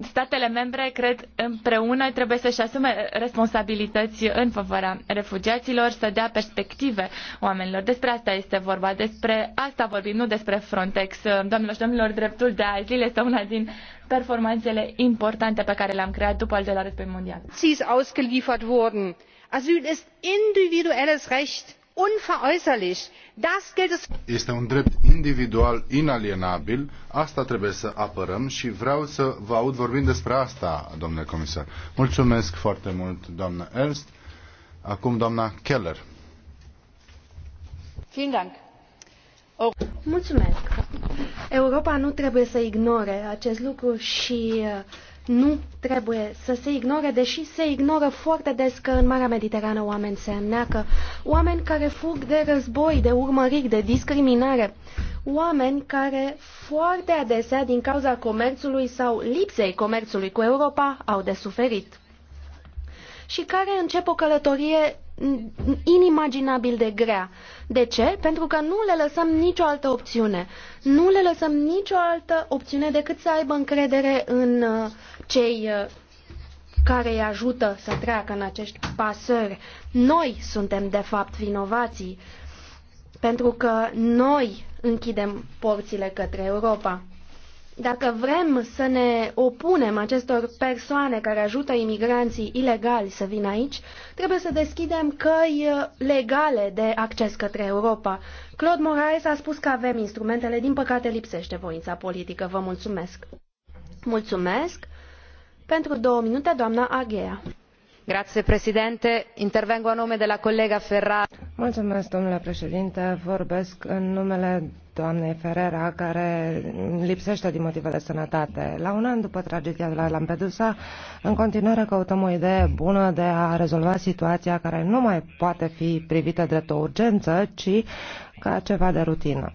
statele membre, cred, împreună trebuie să-și asume responsabilități în favoarea refugiaților, să dea perspective oamenilor. Despre asta este vorba, despre asta vorbim, nu despre Frontex. Doamnelor și domnilor, dreptul de azil este una din performanțele importante pe care le-am creat după al doilea război mondial. Sie ist ausgeliefert worden. Asyl ist individuelles Recht unveräußerlich. Das gilt es... Este un drept individual inalienabil, asta trebuie să apărăm și vreau să vă aud vorbind despre asta, domnule comisar. Mulțumesc foarte mult, doamnă Ernst. Acum doamna Keller. Vielen Mulțumesc. Europa nu trebuie să ignore acest lucru și uh, nu trebuie să se ignore, deși se ignoră foarte des că în Marea Mediterană oameni se înneacă, oameni care fug de război, de urmăriri, de discriminare, oameni care foarte adesea din cauza comerțului sau lipsei comerțului cu Europa au de suferit și care încep o călătorie inimaginabil de grea. De ce? Pentru că nu le lăsăm nicio altă opțiune. Nu le lăsăm nicio altă opțiune decât să aibă încredere în uh, cei uh, care îi ajută să treacă în acești pasări. Noi suntem, de fapt, vinovații, pentru că noi închidem porțile către Europa. Dacă vrem să ne opunem acestor persoane care ajută imigranții ilegali să vină aici, trebuie să deschidem căi uh, legale de acces către Europa. Claude Moraes a spus că avem instrumentele, din păcate lipsește voința politică. Vă mulțumesc! Mulțumesc! Pentru două minute, doamna Aghea. Grazie, Intervengo a nome Ferrara. Mulțumesc, domnule președinte. Vorbesc în numele doamnei Ferrera, care lipsește din motive de sănătate. La un an după tragedia de la Lampedusa, în continuare căutăm o idee bună de a rezolva situația care nu mai poate fi privită drept o urgență, ci ca ceva de rutină.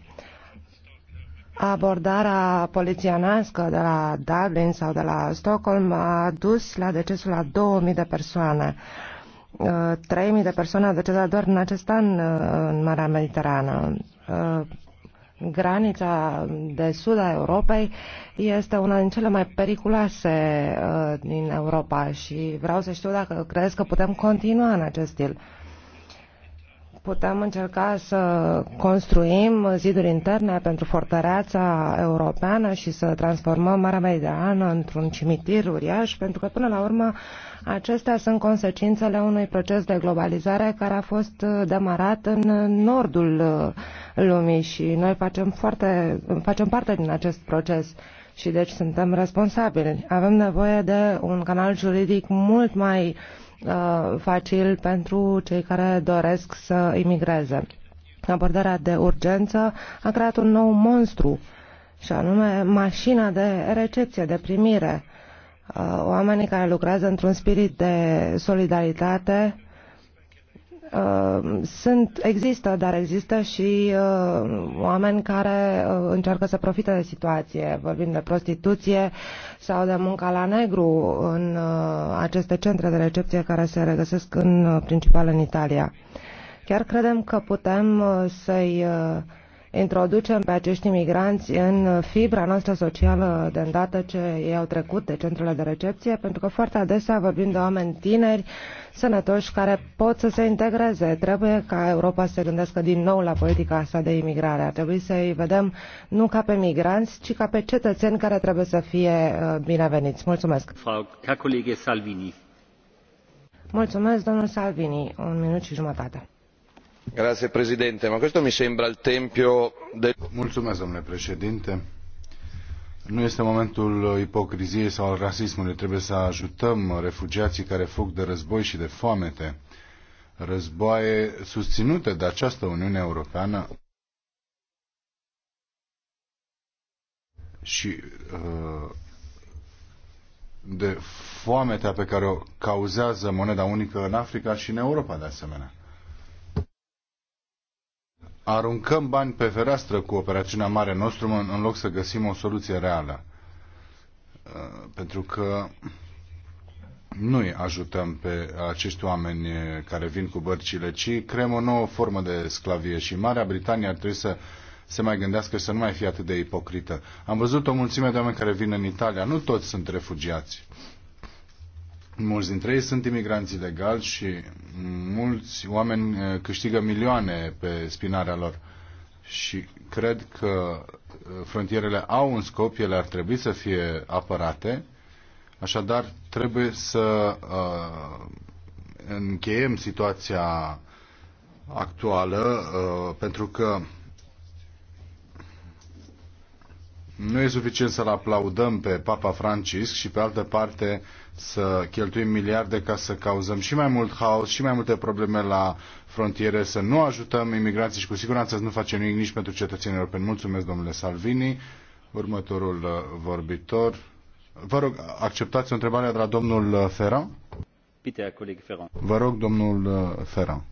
Abordarea poliționească de la Dublin sau de la Stockholm a dus la decesul a 2000 de persoane. 3.000 uh, de persoane au decedat doar în acest an uh, în Marea Mediterană. Uh, granița de sud a Europei este una din cele mai periculoase din Europa și vreau să știu dacă crezi că putem continua în acest stil putem încerca să construim ziduri interne pentru fortăreața europeană și să transformăm Marea Mediterană într-un cimitir uriaș, pentru că până la urmă acestea sunt consecințele unui proces de globalizare care a fost demarat în nordul lumii și noi facem, foarte, facem parte din acest proces și deci suntem responsabili. Avem nevoie de un canal juridic mult mai uh, Uh, facil pentru cei care doresc să imigreze. Abordarea de urgență a creat un nou monstru, și anume mașina de recepție, de primire. Uh, oamenii care lucrează într-un spirit de solidaritate Uh, sunt, există, dar există și uh, oameni care uh, încearcă să profite de situație. Vorbim de prostituție sau de munca la negru în uh, aceste centre de recepție care se regăsesc în uh, principal în Italia. Chiar credem că putem uh, să-i uh, introducem pe acești imigranți în fibra noastră socială de îndată ce ei au trecut de centrele de recepție, pentru că foarte adesea vorbim de oameni tineri, sănătoși, care pot să se integreze. Trebuie ca Europa să se gândească din nou la politica asta de imigrare. Ar trebui să-i vedem nu ca pe migranți, ci ca pe cetățeni care trebuie să fie uh, bineveniți. Mulțumesc! Ca Salvini. Mulțumesc, domnul Salvini. Un minut și jumătate domnule președinte nu este momentul ipocriziei sau al rasismului trebuie să ajutăm refugiații care fug de război și de foamete războaie susținute de această uniune europeană și uh, de foametea pe care o cauzează moneda unică în Africa și în Europa de asemenea aruncăm bani pe fereastră cu operațiunea Mare Nostrum în loc să găsim o soluție reală. Uh, pentru că nu îi ajutăm pe acești oameni care vin cu bărcile, ci creăm o nouă formă de sclavie și Marea Britanie ar trebui să se mai gândească să nu mai fie atât de ipocrită. Am văzut o mulțime de oameni care vin în Italia, nu toți sunt refugiați. Mulți dintre ei sunt imigranți ilegali și mulți oameni uh, câștigă milioane pe spinarea lor. Și cred că uh, frontierele au un scop, ele ar trebui să fie apărate, așadar trebuie să uh, încheiem situația actuală, uh, pentru că nu e suficient să-l aplaudăm pe Papa Francisc și pe altă parte uh, să cheltuim miliarde ca să cauzăm și mai mult haos și mai multe probleme la frontiere, să nu ajutăm imigranții și cu siguranță să nu facem nimic nici pentru cetățenii europeni. Mulțumesc, domnule Salvini. Următorul uh, vorbitor. Vă rog, acceptați o întrebare de la domnul uh, Ferran? Vă rog, domnul uh, Ferran.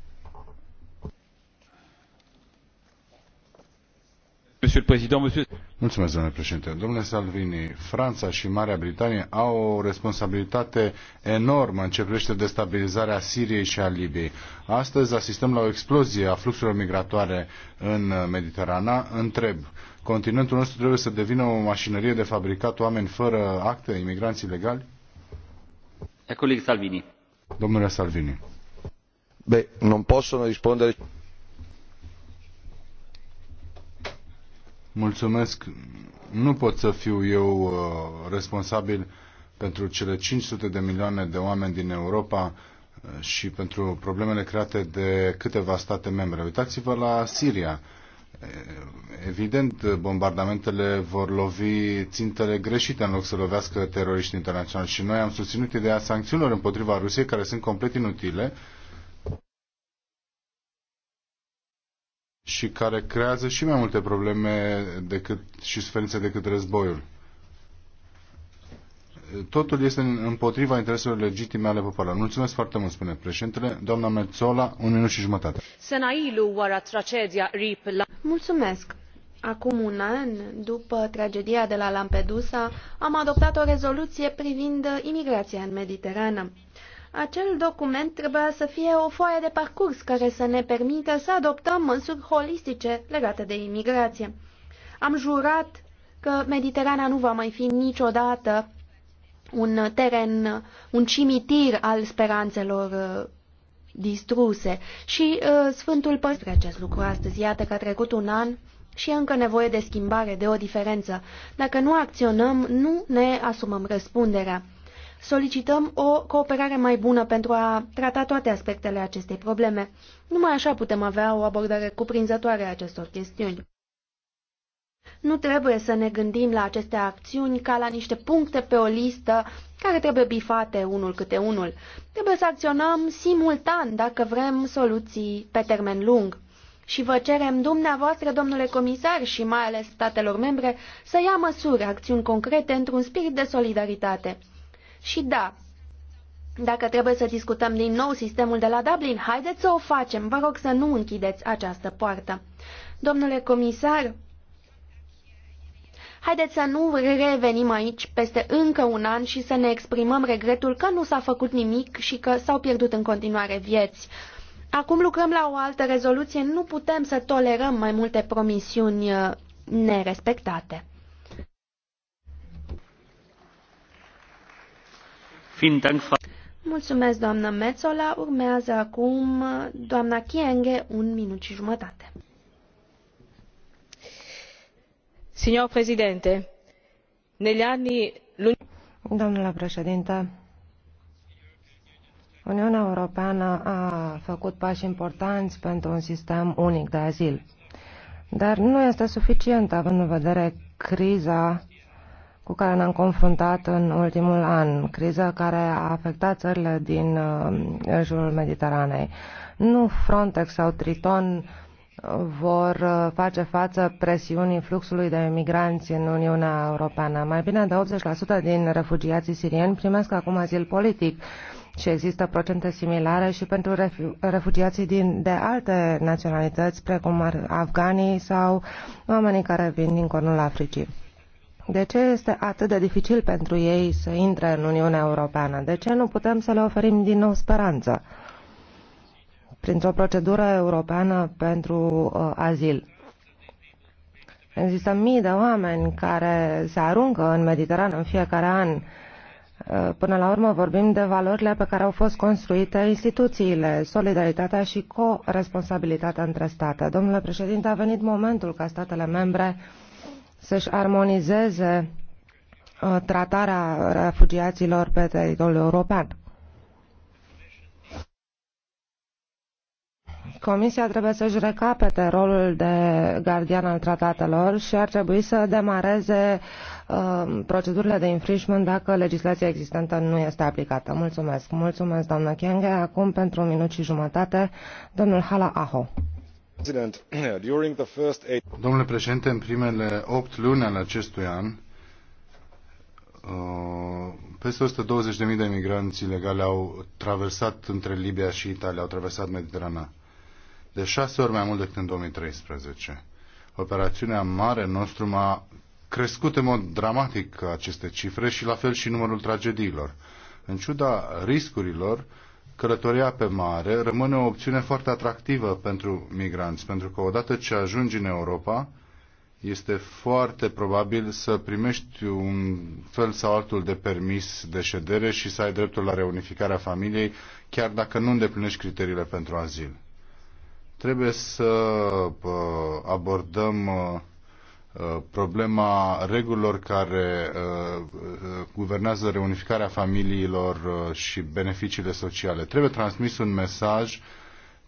Mulțumesc, domnule președinte. Domnule Salvini, Franța și Marea Britanie au o responsabilitate enormă în ce privește destabilizarea Siriei și a Libiei. Astăzi asistăm la o explozie a fluxurilor migratoare în Mediterana. Întreb, continentul nostru trebuie să devină o mașinărie de fabricat oameni fără acte, imigranți ilegali? Coleg Salvini. Domnule Salvini. Beh, non possono rispondere Mulțumesc. Nu pot să fiu eu uh, responsabil pentru cele 500 de milioane de oameni din Europa uh, și pentru problemele create de câteva state membre. Uitați-vă la Siria. Evident, bombardamentele vor lovi țintele greșite în loc să lovească teroriști internaționali și noi am susținut ideea sancțiunilor împotriva Rusiei, care sunt complet inutile și care creează și mai multe probleme decât, și suferințe decât războiul. Totul este împotriva intereselor legitime ale poporului. Mulțumesc foarte mult, spune președintele. Doamna Mețola, un minut și jumătate. Senailu tragedia rip Mulțumesc. Acum un an, după tragedia de la Lampedusa, am adoptat o rezoluție privind imigrația în Mediterană. Acel document trebuia să fie o foaie de parcurs care să ne permită să adoptăm măsuri holistice legate de imigrație. Am jurat că Mediterana nu va mai fi niciodată un teren, un cimitir al speranțelor uh, distruse. Și uh, Sfântul Părinte acest lucru astăzi. Iată că a trecut un an și e încă nevoie de schimbare, de o diferență. Dacă nu acționăm, nu ne asumăm răspunderea solicităm o cooperare mai bună pentru a trata toate aspectele acestei probleme. Numai așa putem avea o abordare cuprinzătoare a acestor chestiuni. Nu trebuie să ne gândim la aceste acțiuni ca la niște puncte pe o listă care trebuie bifate unul câte unul. Trebuie să acționăm simultan dacă vrem soluții pe termen lung. Și vă cerem dumneavoastră, domnule comisar, și mai ales statelor membre, să ia măsuri, acțiuni concrete într-un spirit de solidaritate. Și da, dacă trebuie să discutăm din nou sistemul de la Dublin, haideți să o facem. Vă rog să nu închideți această poartă. Domnule comisar, haideți să nu revenim aici peste încă un an și să ne exprimăm regretul că nu s-a făcut nimic și că s-au pierdut în continuare vieți. Acum lucrăm la o altă rezoluție, nu putem să tolerăm mai multe promisiuni uh, nerespectate. Mulțumesc, doamnă Metzola. Urmează acum doamna Chienghe, un minut și jumătate. Signor Presidente, negli anni... Domnule președinte, Uniunea Europeană a făcut pași importanți pentru un sistem unic de azil. Dar nu este suficient, având în vedere criza cu care ne-am confruntat în ultimul an, criza care a afectat țările din uh, jurul Mediteranei. Nu Frontex sau Triton uh, vor uh, face față presiunii fluxului de migranți în Uniunea Europeană. Mai bine de 80% din refugiații sirieni primesc acum azil politic și există procente similare și pentru refugiații din, de alte naționalități, precum afganii sau oamenii care vin din cornul Africii. De ce este atât de dificil pentru ei să intre în Uniunea Europeană? De ce nu putem să le oferim din nou speranță printr-o procedură europeană pentru uh, azil? Există mii de oameni care se aruncă în Mediterană în fiecare an. Uh, până la urmă vorbim de valorile pe care au fost construite instituțiile, solidaritatea și co-responsabilitatea între state. Domnule președinte, a venit momentul ca statele membre uh, să-și armonizeze uh, tratarea refugiaților pe teritoriul european. Comisia trebuie să-și recapete rolul de gardian al tratatelor și ar trebui să demareze uh, procedurile de infringement dacă legislația existentă nu este aplicată. Mulțumesc. Mulțumesc, doamnă Chianghe. Acum, pentru un minut și jumătate, domnul Hala Aho. Domnule președinte, în primele opt luni ale acestui an, uh, peste 120.000 de migranți ilegali au traversat între Libia și Italia, au traversat Mediterana. De șase ori mai mult decât în 2013. Operațiunea Mare Nostrum a crescut în mod dramatic aceste cifre și la fel și numărul tragediilor. În ciuda riscurilor, călătoria pe mare rămâne o opțiune foarte atractivă pentru migranți, pentru că odată ce ajungi în Europa, este foarte probabil să primești un fel sau altul de permis de ședere și să ai dreptul la reunificarea familiei, chiar dacă nu îndeplinești criteriile pentru azil. Trebuie să uh, abordăm uh, Uh, problema regulilor care uh, uh, guvernează reunificarea familiilor și beneficiile sociale. Trebuie transmis un mesaj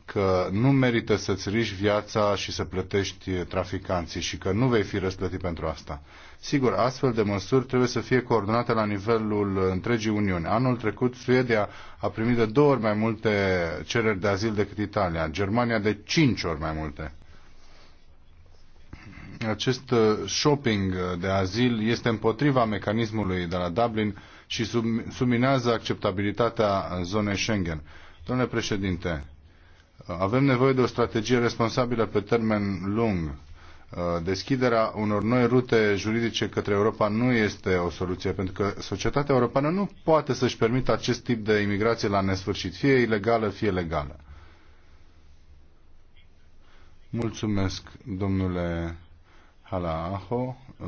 că nu merită să-ți riști viața și să plătești traficanții și că nu vei fi răsplătit pentru asta. Sigur, astfel de măsuri trebuie să fie coordonate la nivelul întregii Uniuni. Anul trecut, Suedia a primit de două ori mai multe cereri de azil decât Italia, Germania de cinci ori mai multe acest uh, shopping uh, de azil este împotriva mecanismului de la Dublin și subminează acceptabilitatea zonei Schengen. Domnule președinte, avem nevoie de o strategie responsabilă pe termen lung. Uh, deschiderea unor noi rute juridice către Europa nu este o soluție, pentru că societatea europeană nu poate să-și permită acest tip de imigrație la nesfârșit, fie ilegală, fie legală. Mulțumesc, domnule Halaaho, uh,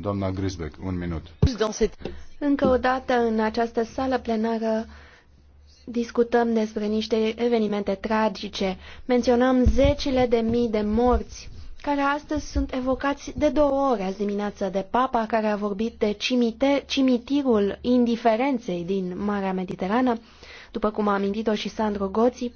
doamna Grisbeck, un minut. Încă o dată, în această sală plenară, discutăm despre niște evenimente tragice. Menționăm zecile de mii de morți care astăzi sunt evocați de două ori azi dimineață de papa care a vorbit de cimite, cimitirul indiferenței din Marea Mediterană, după cum a amintit-o și Sandro Goții.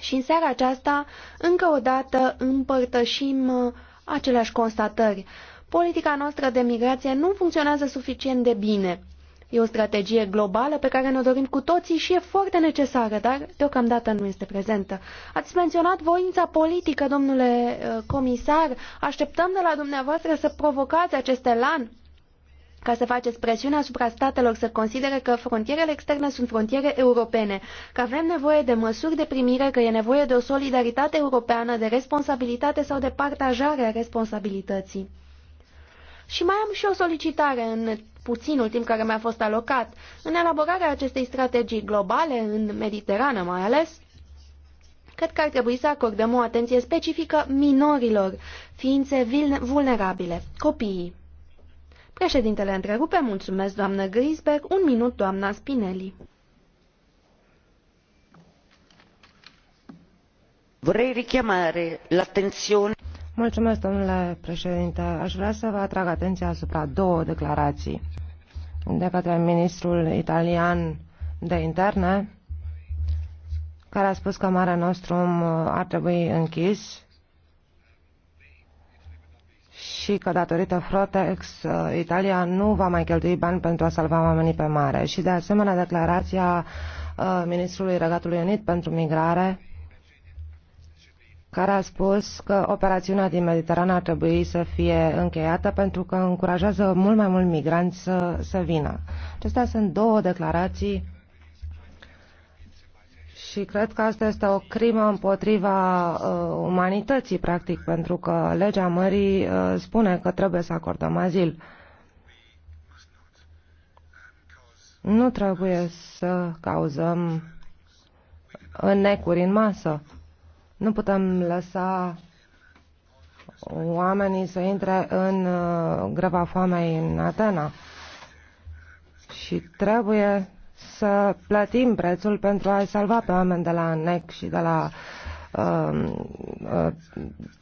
Și în seara aceasta, încă o dată, împărtășim uh, aceleași constatări. Politica noastră de migrație nu funcționează suficient de bine. E o strategie globală pe care ne-o dorim cu toții și e foarte necesară, dar deocamdată nu este prezentă. Ați menționat voința politică, domnule uh, comisar. Așteptăm de la dumneavoastră să provocați acest elan ca să faceți presiune asupra statelor să considere că frontierele externe sunt frontiere europene, că avem nevoie de măsuri de primire, că e nevoie de o solidaritate europeană, de responsabilitate sau de partajare a responsabilității. Și mai am și o solicitare în puținul timp care mi-a fost alocat. În elaborarea acestei strategii globale, în Mediterană mai ales, cred că ar trebui să acordăm o atenție specifică minorilor, ființe vulnerabile, copiii. Președintele întrerupe, mulțumesc doamnă Grisberg, un minut doamna Spinelli. Vrei la l'attenzione. Mulțumesc, domnule președinte. Aș vrea să vă atrag atenția asupra două declarații de către ministrul italian de interne, care a spus că Marea Nostrum uh, ar trebui închis și că datorită Frontex uh, Italia nu va mai cheltui bani pentru a salva oamenii pe mare și de asemenea declarația uh, ministrului Regatului Unit pentru migrare care a spus că operațiunea din Mediterană ar trebui să fie încheiată pentru că încurajează mult mai mult migranți să, să vină. Acestea sunt două declarații și cred că asta este o crimă împotriva uh, umanității, practic, pentru că legea mării uh, spune că trebuie să acordăm azil. Nu trebuie să cauzăm necuri în masă. Nu putem lăsa oamenii să intre în uh, greva foamei în Atena. Și trebuie să plătim prețul pentru a-i salva pe oameni de la NEC și de la uh, uh,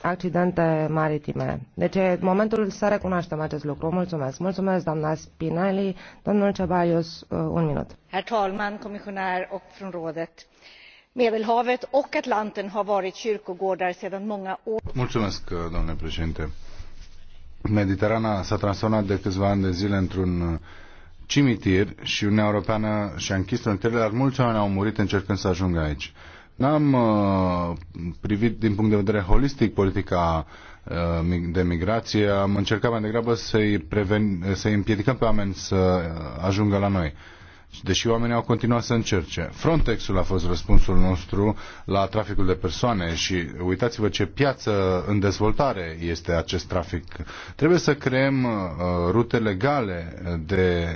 accidente maritime. Deci e momentul să recunoaștem acest lucru. Mulțumesc. Mulțumesc, doamna Spinelli. Domnul Cebaius, uh, un minut. Herr talman, comisionar och från rådet. Medelhavet och Atlanten har varit kyrkogårdar sedan många år. Mulțumesc, domnule președinte. Mediterana s-a transformat de câțiva ani de zile într-un uh, cimitir și Uniunea Europeană și-a închis frontierele, dar mulți oameni au murit încercând să ajungă aici. N-am uh, privit din punct de vedere holistic politica uh, de migrație, am încercat mai degrabă să-i, preven- să împiedicăm pe oameni să uh, ajungă la noi. Uh, deși oamenii au continuat să încerce. Frontexul a fost răspunsul nostru la traficul de persoane și uitați-vă ce piață în dezvoltare este acest trafic. Trebuie să creăm uh, rute legale de,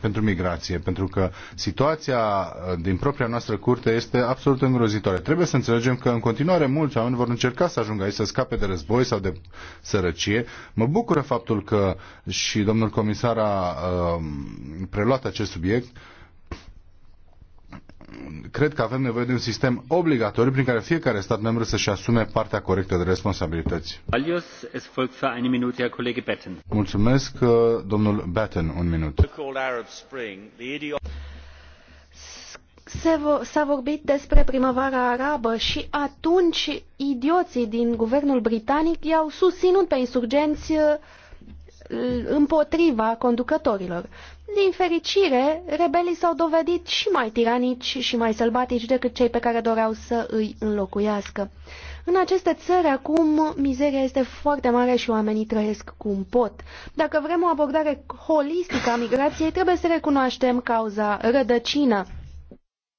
pentru migrație, pentru că situația uh, din propria noastră curte este absolut îngrozitoare. Trebuie să înțelegem că în continuare mulți oameni vor încerca să ajungă aici, să scape de război sau de sărăcie. Mă bucură faptul că și domnul comisar a uh, preluat acest subiect cred că avem nevoie de un sistem obligatoriu prin care fiecare stat membru să-și asume partea corectă de responsabilități. Mulțumesc, uh, domnul Batten, un minut. S-a vorbit despre primăvara arabă și atunci idioții din guvernul britanic i-au susținut pe insurgenți uh, împotriva conducătorilor. Din fericire, rebelii s-au dovedit și mai tiranici și mai sălbatici decât cei pe care doreau să îi înlocuiască. În aceste țări, acum, mizeria este foarte mare și oamenii trăiesc cum pot. Dacă vrem o abordare holistică a migrației, trebuie să recunoaștem cauza rădăcină.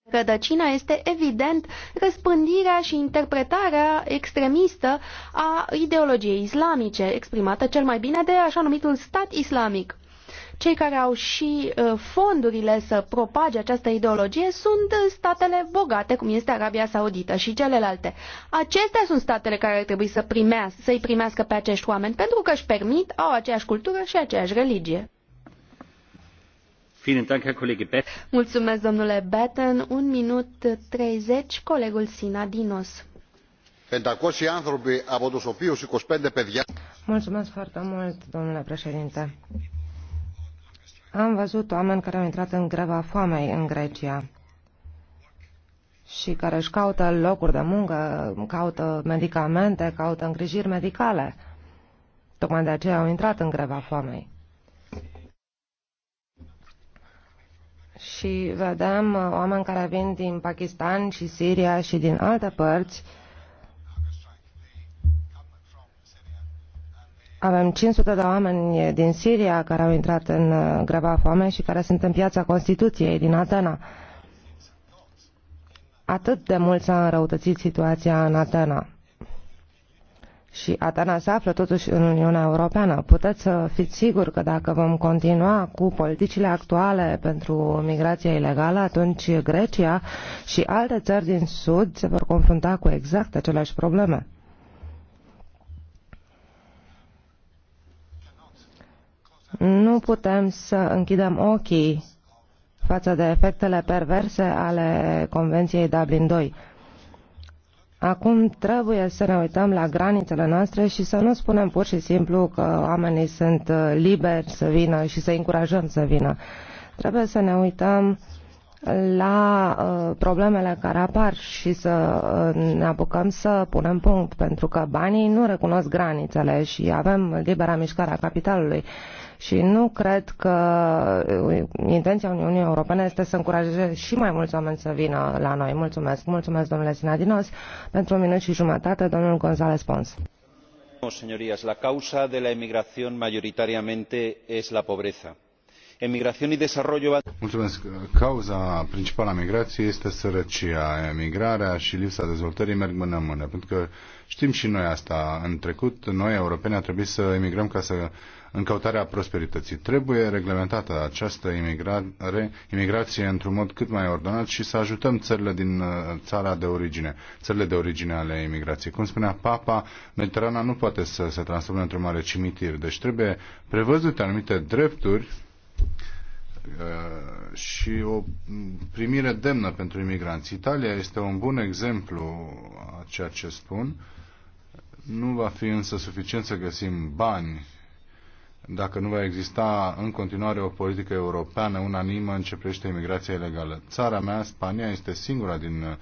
Rădăcina este, evident, răspândirea și interpretarea extremistă a ideologiei islamice, exprimată cel mai bine de așa numitul stat islamic. Cei care au și ă, fondurile să propage această ideologie sunt statele bogate, cum este Arabia Saudită și celelalte. Acestea sunt statele care ar trebui să primească, să primească pe acești oameni, pentru că își permit, au aceeași cultură și aceeași religie. Mulțumesc, domnule Batten. Un minut 30, colegul Sina Sinadinos. Mulțumesc foarte mult, domnule președinte. Am văzut oameni care au intrat în greva foamei în Grecia și care își caută locuri de muncă, caută medicamente, caută îngrijiri medicale. Tocmai de aceea au intrat în greva foamei. Și vedem oameni care vin din Pakistan și Siria și din alte părți Avem 500 de oameni din Siria care au intrat în uh, greva foame și care sunt în piața Constituției din Atena. Atât de mult s-a înrăutățit situația în Atena. Și Atena se află totuși în Uniunea Europeană. Puteți să fiți siguri că dacă vom continua cu politicile actuale pentru migrația ilegală, atunci Grecia și alte țări din Sud se vor confrunta cu exact aceleași probleme. Nu putem să închidem ochii față de efectele perverse ale Convenției Dublin II. Acum trebuie să ne uităm la granițele noastre și să nu spunem pur și simplu că oamenii sunt uh, liberi să vină și să încurajăm să vină. Trebuie să ne uităm la uh, problemele care apar și să uh, ne apucăm să punem punct, pentru că banii nu recunosc granițele și avem libera mișcare a capitalului și nu cred că uh, intenția Uniunii Europene este să încurajeze și mai mulți oameni să vină la noi. Mulțumesc. Mulțumesc, domnule Sinadinos. Pentru un minut și jumătate, domnul González Pons. Señorías, la causa de la emigración mayoritariamente es la pobreza. Emigración y desarrollo. Mulțumesc. Cauza principală a migrației este sărăcia. Emigrarea și lipsa dezvoltării merg mână în mână, pentru că știm și noi asta. În trecut, noi, europeni, a trebuit să emigrăm ca să în căutarea prosperității. Trebuie reglementată această imigrare, imigrație într-un mod cât mai ordonat și să ajutăm țările din uh, țara de origine, țările de origine ale imigrației. Cum spunea Papa, Mediterana nu poate să se transforme într-un mare cimitir, deci trebuie prevăzute anumite drepturi uh, și o primire demnă pentru imigranți. Italia este un bun exemplu a ceea ce spun. Nu va fi însă suficient să găsim bani dacă nu va exista în continuare o politică europeană unanimă în ce privește imigrația ilegală. Țara mea, Spania, este singura din uh,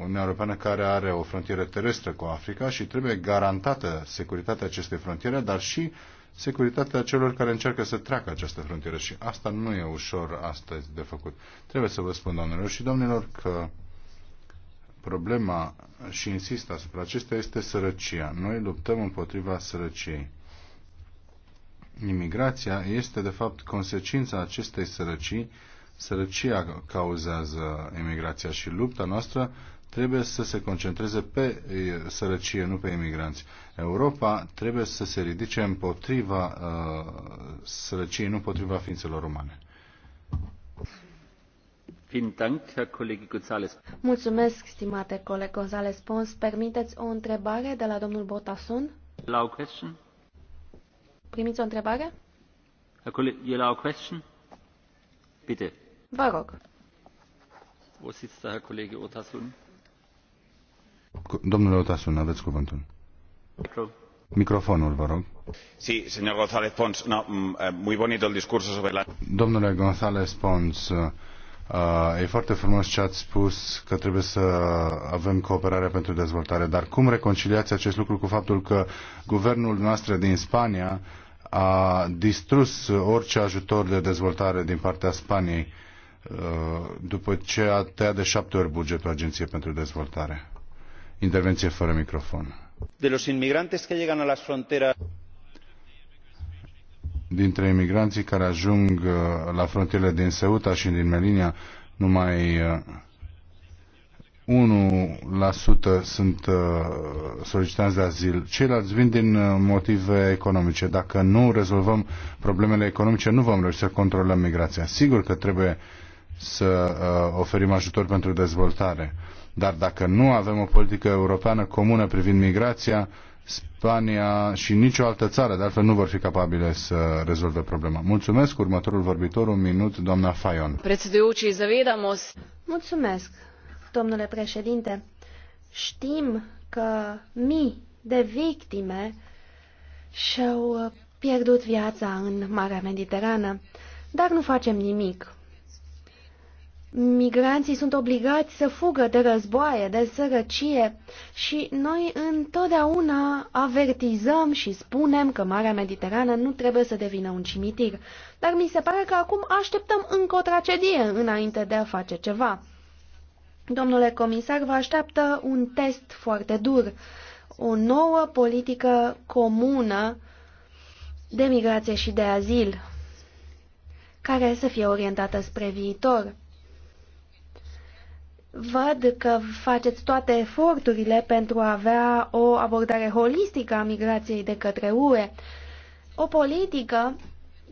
Uniunea Europeană care are o frontieră terestră cu Africa și trebuie garantată securitatea acestei frontiere, dar și securitatea celor care încearcă să treacă această frontieră. Și asta nu e ușor astăzi de făcut. Trebuie să vă spun, doamnelor și domnilor, că problema, și insist asupra acesta, este sărăcia. Noi luptăm împotriva sărăciei imigrația este de fapt consecința acestei sărăcii. Sărăcia cauzează imigrația și lupta noastră trebuie să se concentreze pe sărăcie, nu pe imigranți. Europa trebuie să se ridice împotriva uh, sărăciei, nu împotriva ființelor umane. Mulțumesc, stimate coleg González Pons. Permiteți o întrebare de la domnul Botasun? La o question? Primiți o întrebare? a question? Bitte. Vă rog. Wo sitzt der da Herr Otasun? Domnule Otasun, aveți cuvântul. Micro. Microfonul, vă rog. Sí, señor González Pons, no, mm, eh, muy bonito el discurso sobre la... Domnule González Pons, uh, Uh, e foarte frumos ce ați spus că trebuie să avem cooperare pentru dezvoltare, dar cum reconciliați acest lucru cu faptul că guvernul noastră din Spania a distrus orice ajutor de dezvoltare din partea Spaniei uh, după ce a tăiat de șapte ori bugetul Agenției pentru Dezvoltare? Intervenție fără microfon. De los inmigrantes que llegan a las fronteras dintre imigranții care ajung uh, la frontierele din Ceuta și din Melinia, numai 1% uh, sunt uh, solicitanți de azil, ceilalți vin din motive economice. Dacă nu rezolvăm problemele economice, nu vom reuși să controlăm migrația. Sigur că trebuie să oferim ajutor pentru dezvoltare, dar dacă nu avem o politică europeană comună privind migrația, Spania și nicio altă țară, de altfel nu vor fi capabile să rezolve problema. Mulțumesc. Următorul vorbitor, un minut, doamna Fayon. Mulțumesc, domnule președinte. Știm că mii de victime și-au pierdut viața în Marea Mediterană, dar nu facem nimic migranții sunt obligați să fugă de războaie, de sărăcie și noi întotdeauna avertizăm și spunem că Marea Mediterană nu trebuie să devină un cimitir. Dar mi se pare că acum așteptăm încă o tragedie înainte de a face ceva. Domnule comisar, vă așteaptă un test foarte dur, o nouă politică comună de migrație și de azil, care să fie orientată spre viitor. Văd că faceți toate eforturile pentru a avea o abordare holistică a migrației de către UE. O politică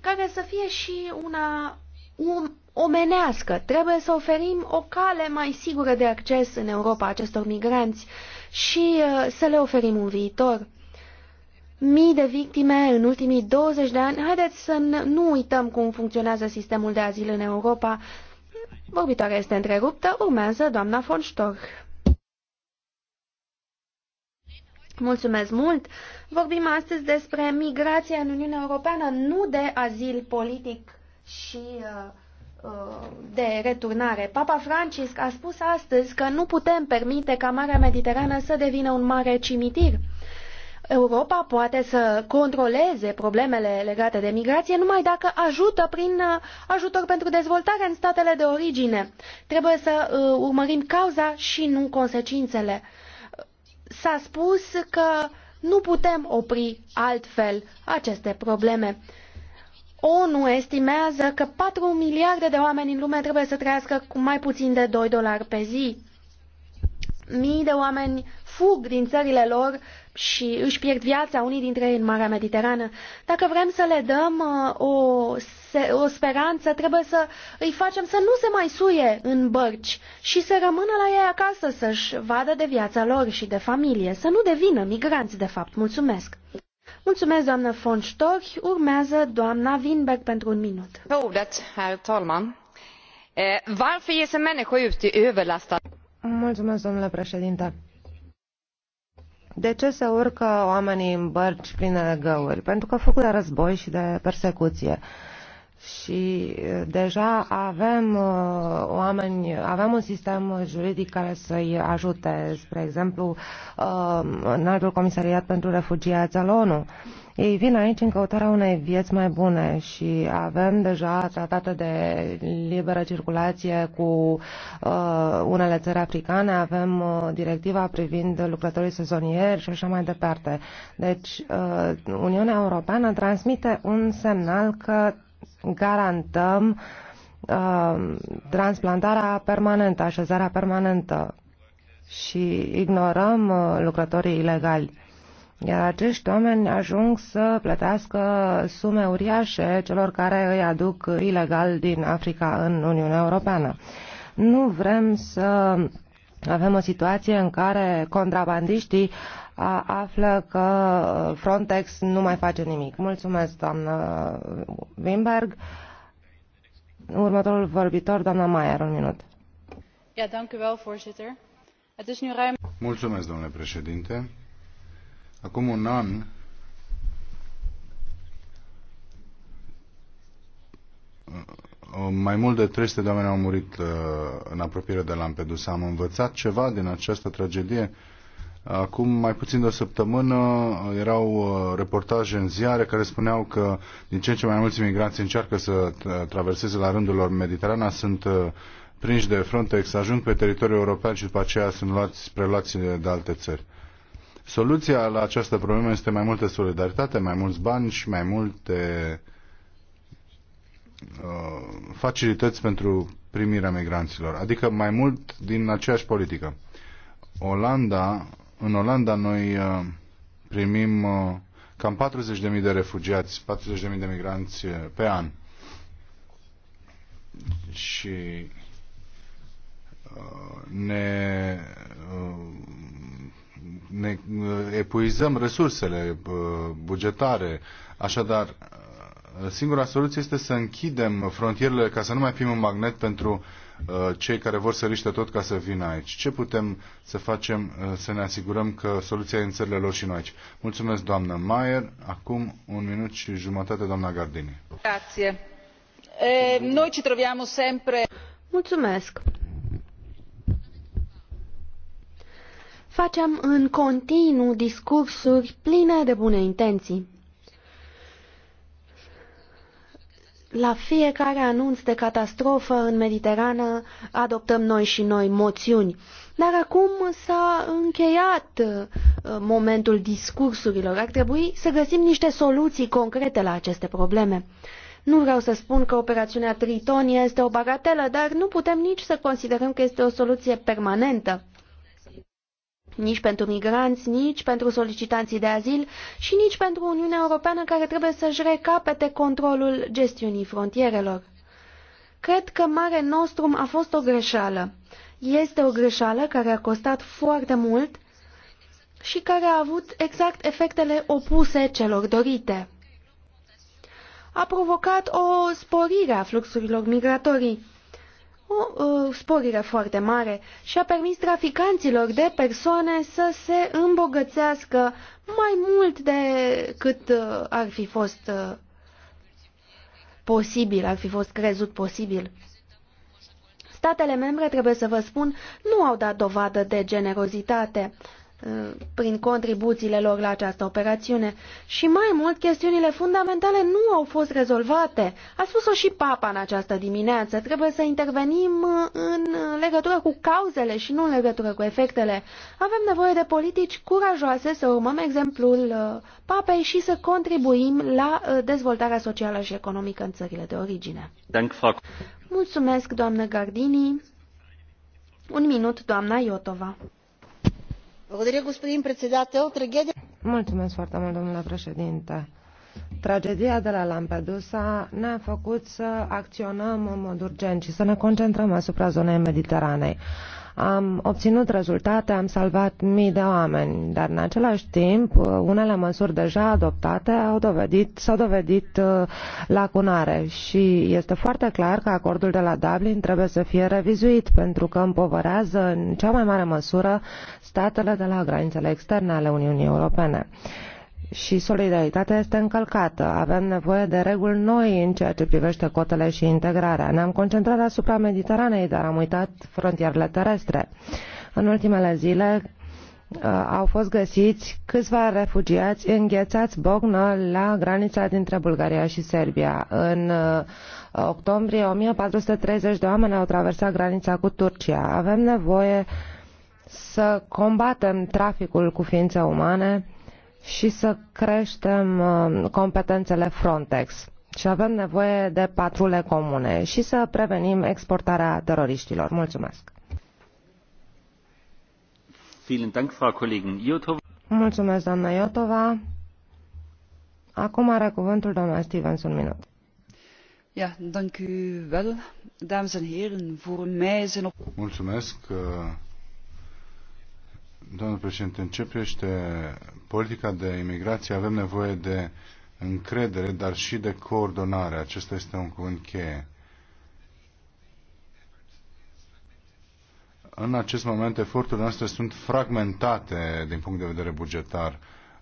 care să fie și una um, omenească. Trebuie să oferim o cale mai sigură de acces în Europa acestor migranți și uh, să le oferim un viitor. Mii de victime în ultimii 20 de ani. Haideți să nu uităm cum funcționează sistemul de azil în Europa Vorbitoarea este întreruptă. Urmează doamna von Storch. Mulțumesc mult! Vorbim astăzi despre migrația în Uniunea Europeană, nu de azil politic și uh, uh, de returnare. Papa Francisc a spus astăzi că nu putem permite ca Marea Mediterană să devină un mare cimitir Europa poate să controleze problemele legate de migrație numai dacă ajută prin uh, ajutor pentru dezvoltare în statele de origine. Trebuie să uh, urmărim cauza și nu consecințele. S-a spus că nu putem opri altfel aceste probleme. ONU estimează că 4 miliarde de oameni în lume trebuie să trăiască cu mai puțin de 2 dolari pe zi. Mii de oameni fug din țările lor și își pierd viața unii dintre ei în Marea Mediterană. Dacă vrem să le dăm uh, o, o speranță, trebuie să îi facem să nu se mai suie în bărci și să rămână la ei acasă, să-și vadă de viața lor și de familie, să nu devină migranți, de fapt. Mulțumesc! Mulțumesc, doamnă von Storch. Urmează doamna Winberg pentru un minut. talman. Eh, Mulțumesc, domnule președinte de ce se urcă oamenii în bărci pline de găuri? Pentru că făcut de război și de persecuție. Și deja avem oameni, avem un sistem juridic care să-i ajute, spre exemplu, în altul comisariat pentru refugiați al ONU ei vin aici în căutarea unei vieți mai bune și avem deja tratate de liberă circulație cu uh, unele țări africane, avem uh, directiva privind lucrătorii sezonieri și așa mai departe. Deci uh, Uniunea Europeană transmite un semnal că garantăm uh, transplantarea permanentă, așezarea permanentă și ignorăm uh, lucrătorii ilegali iar acești oameni ajung să plătească sume uriașe celor care îi aduc ilegal din Africa în Uniunea Europeană. Nu vrem să avem o situație în care contrabandiștii află că Frontex nu mai face nimic. Mulțumesc, doamnă Wimberg. Următorul vorbitor, doamna Maier, un minut. Mulțumesc, domnule președinte. Acum un an, uh, mai mult de 300 de oameni au murit uh, în apropiere de Lampedusa. Am învățat ceva din această tragedie. Acum mai puțin de o săptămână uh, erau reportaje în ziare care spuneau că din ce în ce mai mulți imigranți încearcă să traverseze la rândul lor Mediterana, sunt prinși de Frontex, ajung pe teritoriul european și după aceea sunt luați, preluați de alte țări. Soluția la această problemă este mai multă solidaritate, mai mulți bani și mai multe uh, facilități pentru primirea migranților, adică mai mult din aceeași politică. Olanda, în Olanda noi uh, primim uh, cam 40.000 de refugiați, 40.000 de migranți uh, pe an. Și ne ne uh, epuizăm resursele uh, bugetare. Așadar, uh, singura soluție este să închidem frontierele ca să nu mai fim un magnet pentru cei care vor să riște tot ca să vină aici. Ce putem să facem să ne asigurăm că soluția e în țările lor și noi aici? Mulțumesc, doamnă Maier. Acum un minut și jumătate, doamna Gardini. Grazie. E, eh, noi ci troviamo sempre... Mulțumesc. facem în continuu discursuri pline de bune intenții. La fiecare anunț de catastrofă în Mediterană adoptăm noi și noi moțiuni. Dar acum s-a încheiat uh, momentul discursurilor. Ar trebui să găsim niște soluții concrete la aceste probleme. Nu vreau să spun că operațiunea Triton este o bagatelă, dar nu putem nici să considerăm că este o soluție permanentă nici pentru migranți, nici pentru solicitanții de azil și nici pentru Uniunea Europeană care trebuie să-și recapete controlul gestiunii frontierelor. Cred că Mare Nostrum a fost o greșeală. Este o greșeală care a costat foarte mult și care a avut exact efectele opuse celor dorite. A provocat o sporire a fluxurilor migratorii o uh, sporire foarte mare și a permis traficanților de persoane să se îmbogățească mai mult decât uh, ar fi fost uh, posibil, ar fi fost crezut posibil. Statele membre, trebuie să vă spun, nu au dat dovadă de generozitate. Uh, prin contribuțiile lor la această operațiune. Și mai mult, chestiunile fundamentale nu au fost rezolvate. A spus-o și Papa în această dimineață. Trebuie să intervenim în legătură cu cauzele și nu în legătură cu efectele. Avem nevoie de politici curajoase să urmăm exemplul uh, Papei și să contribuim la uh, dezvoltarea socială și economică în țările de origine. Mulțumesc, doamnă Gardini. Un minut, doamna Iotova. Mulțumesc foarte mult, domnule președinte. Tragedia de la Lampedusa ne-a făcut să acționăm în mod urgent și să ne concentrăm asupra zonei Mediteranei. Am obținut rezultate, am salvat mii de oameni, dar în același timp uh, unele măsuri deja adoptate au dovedit, s-au dovedit uh, lacunare și este foarte clar că acordul de la Dublin trebuie să fie revizuit pentru că împovărează în cea mai mare măsură statele de la granițele externe ale Uniunii Europene și solidaritatea este încălcată. Avem nevoie de reguli noi în ceea ce privește cotele și integrarea. Ne-am concentrat asupra Mediteranei, dar am uitat frontierele terestre. În ultimele zile uh, au fost găsiți câțiva refugiați înghețați bognă la granița dintre Bulgaria și Serbia. În uh, octombrie 1430 de oameni au traversat granița cu Turcia. Avem nevoie să combatem traficul cu ființe umane și să creștem uh, competențele Frontex și avem nevoie de patrule comune și să prevenim exportarea teroriștilor. Mulțumesc! Mulțumesc, doamna Iotova. Acum are cuvântul doamna Stevens un minut. Ja, dank u wel, dames en heren. Voor mij zijn er op... Mulțumesc, uh, doamna președinte. începește politica de imigrație avem nevoie de încredere, dar și de coordonare. Acesta este un cuvânt cheie. În acest moment, eforturile noastre sunt fragmentate din punct de vedere bugetar.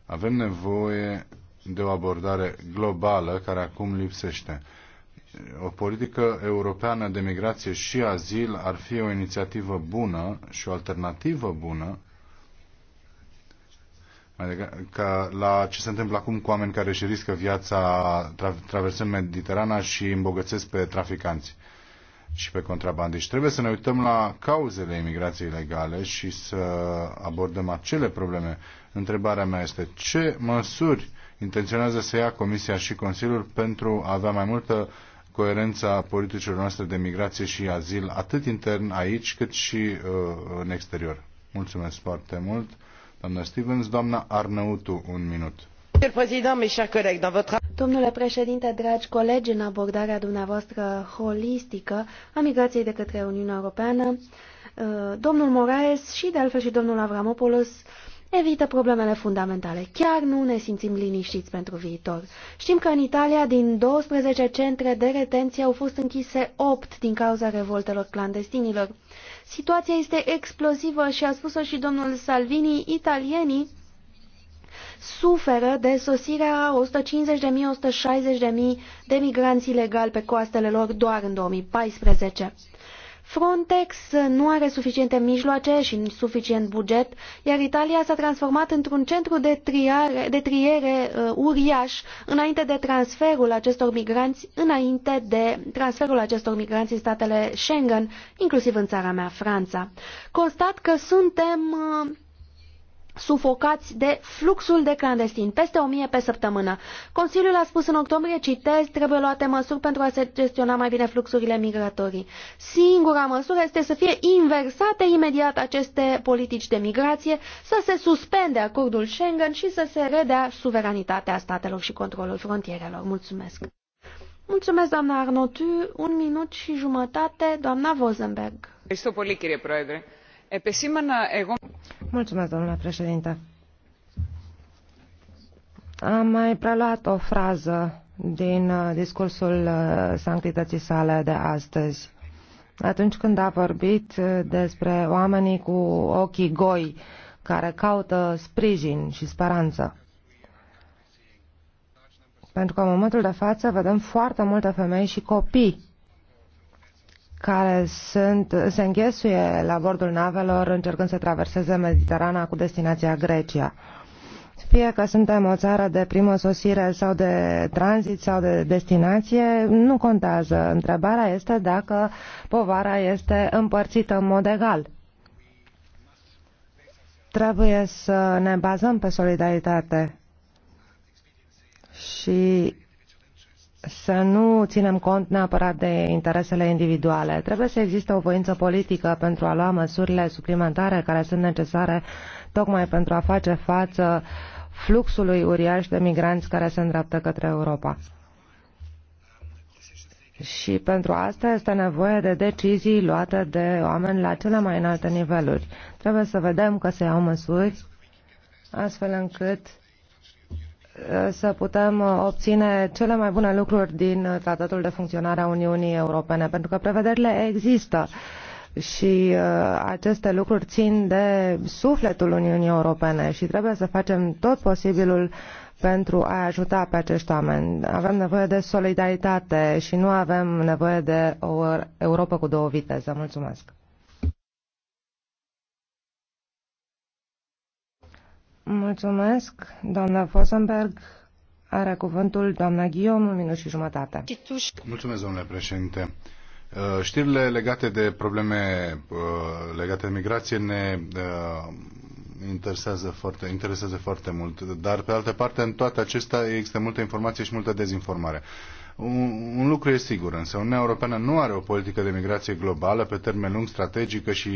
Avem nevoie de o abordare globală care acum lipsește. O politică europeană de migrație și azil ar fi o inițiativă bună și o alternativă bună Adică că la ce se întâmplă acum cu oameni care își riscă viața tra- traversând Mediterana și îmbogățesc pe traficanți și pe contrabandiști. Trebuie să ne uităm la cauzele imigrației ilegale și să abordăm acele probleme. Întrebarea mea este ce măsuri intenționează să ia Comisia și Consiliul pentru a avea mai multă coerența politicilor noastre de migrație și azil, atât intern aici, cât și uh, în exterior. Mulțumesc foarte mult. Stevens, Arnautu, un minut. Domnule președinte, dragi colegi, în abordarea dumneavoastră holistică a migrației de către Uniunea Europeană, uh, domnul Moraes și de altfel și domnul Avramopoulos evită problemele fundamentale. Chiar nu ne simțim liniștiți pentru viitor. Știm că în Italia, din 12 centre de retenție, au fost închise 8 din cauza revoltelor clandestinilor. Situația este explozivă și a spus-o și domnul Salvini, italienii suferă de sosirea 150.000-160.000 de migranți ilegali pe coastele lor doar în 2014. Frontex nu are suficiente mijloace și suficient buget, iar Italia s-a transformat într-un centru de, triare, de triere uh, uriaș înainte de transferul acestor migranți, înainte de transferul acestor migranți în statele Schengen, inclusiv în țara mea, Franța. Constat că suntem uh, sufocați de fluxul de clandestini, peste 1000 pe săptămână. Consiliul a spus în octombrie, citez, trebuie luate măsuri pentru a se gestiona mai bine fluxurile migratorii. Singura măsură este să fie inversate imediat aceste politici de migrație, să se suspende acordul Schengen și să se redea suveranitatea statelor și controlul frontierelor. Mulțumesc! Mulțumesc, doamna Arnotu. Un minut și jumătate, doamna Vozenberg. Mulțumesc, Mulțumesc, domnule președinte. Am mai preluat o frază din uh, discursul uh, sanctității sale de astăzi. Atunci când a vorbit uh, despre oamenii cu ochii goi care caută sprijin și speranță. Pentru că în momentul de față vedem foarte multe femei și copii care sunt, se înghesuie la bordul navelor încercând să traverseze Mediterana cu destinația Grecia. Fie că suntem o țară de primă sosire sau de tranzit sau de destinație, nu contează. Întrebarea este dacă povara este împărțită în mod egal. Trebuie să ne bazăm pe solidaritate și să nu ținem cont neapărat de interesele individuale. Trebuie să existe o voință politică pentru a lua măsurile suplimentare care sunt necesare tocmai pentru a face față fluxului uriaș de migranți care se îndreaptă către Europa. Și pentru asta este nevoie de decizii luate de oameni la cele mai înalte niveluri. Trebuie să vedem că se iau măsuri astfel încât să putem uh, obține cele mai bune lucruri din uh, Tratatul de Funcționare a Uniunii Europene, pentru că prevederile există și uh, aceste lucruri țin de sufletul Uniunii Europene și trebuie să facem tot posibilul pentru a ajuta pe acești oameni. Avem nevoie de solidaritate și nu avem nevoie de o Europa cu două viteze. Mulțumesc! Mulțumesc, doamna Fosenberg. Are cuvântul doamna Ghiom, un minut și jumătate. Mulțumesc, domnule președinte. Uh, știrile legate de probleme uh, legate de migrație ne uh, interesează foarte, interesează foarte mult, dar pe altă parte în toate acestea există multă informație și multă dezinformare. Un, un lucru e sigur, însă Uniunea Europeană nu are o politică de migrație globală pe termen lung, strategică și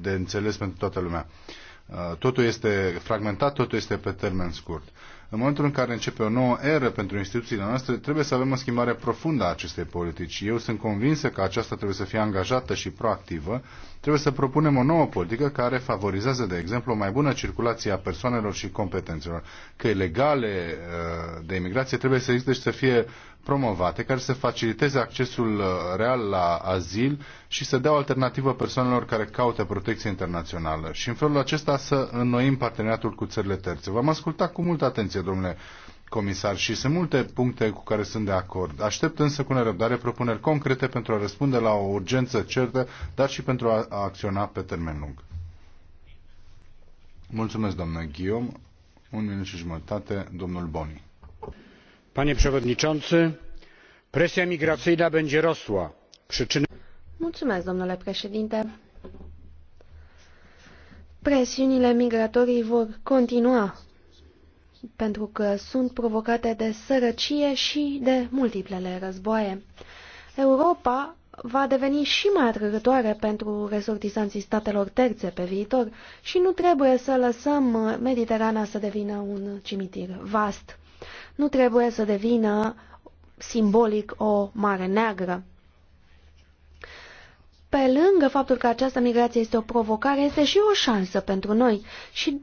de înțeles pentru toată lumea. Uh, Uh, totul este fragmentat, totul este pe termen scurt. În momentul în care începe o nouă eră pentru instituțiile noastre, trebuie să avem o schimbare profundă a acestei politici. Eu sunt convinsă că aceasta trebuie să fie angajată și proactivă Trebuie să propunem o nouă politică care favorizează, de exemplu, o mai bună circulație a persoanelor și competențelor. Că legale uh, de imigrație trebuie să existe și să fie promovate, care să faciliteze accesul uh, real la azil și să dea o alternativă persoanelor care caută protecție internațională. Și în felul acesta să înnoim parteneriatul cu țările terțe. V-am ascultat cu multă atenție, domnule comisar și sunt multe puncte cu care sunt de acord. Aștept însă cu nerăbdare propuneri concrete pentru a răspunde la o urgență certă, dar și pentru a acționa pe termen lung. Mulțumesc, doamnă Guillaume. Un minut și jumătate, domnul Boni. Panie przewodniczący, presja migracyjna będzie rosła. Przyczyny... Mulțumesc, domnule președinte. Presiunile migratorii vor continua pentru că sunt provocate de sărăcie și de multiplele războaie. Europa va deveni și mai atrăgătoare pentru resortizanții statelor terțe pe viitor și nu trebuie să lăsăm Mediterana să devină un cimitir vast. Nu trebuie să devină simbolic o mare neagră. Pe lângă faptul că această migrație este o provocare, este și o șansă pentru noi și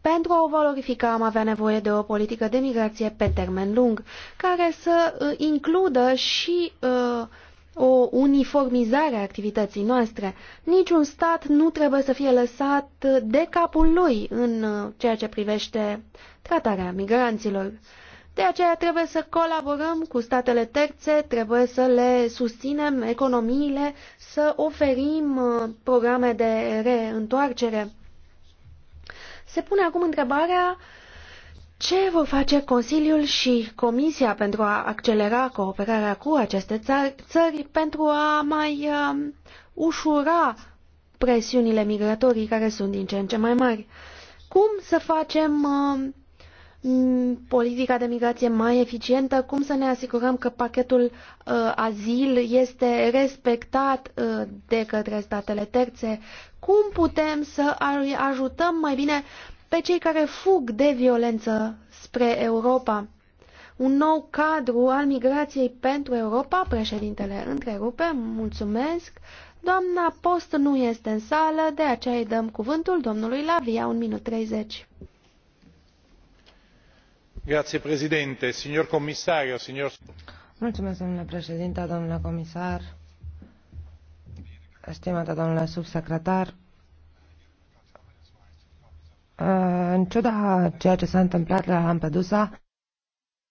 pentru a o valorifica am avea nevoie de o politică de migrație pe termen lung, care să uh, includă și uh, o uniformizare a activității noastre. Niciun stat nu trebuie să fie lăsat de capul lui în uh, ceea ce privește tratarea migranților. De aceea trebuie să colaborăm cu statele terțe, trebuie să le susținem economiile, să oferim uh, programe de reîntoarcere. Se pune acum întrebarea ce vor face Consiliul și Comisia pentru a accelera cooperarea cu aceste țări, țări pentru a mai uh, ușura presiunile migratorii care sunt din ce în ce mai mari. Cum să facem uh, politica de migrație mai eficientă, cum să ne asigurăm că pachetul uh, azil este respectat uh, de către statele terțe, cum putem să ajutăm mai bine pe cei care fug de violență spre Europa. Un nou cadru al migrației pentru Europa, președintele întrerupe, mulțumesc. Doamna Post nu este în sală, de aceea îi dăm cuvântul domnului Lavia, un minut 30. Grazie, președinte, signor comisario, signor... Mulțumesc, domnule președinte, domnule comisar, stimată domnule subsecretar, uh, în ciuda ceea ce s-a întâmplat la Lampedusa,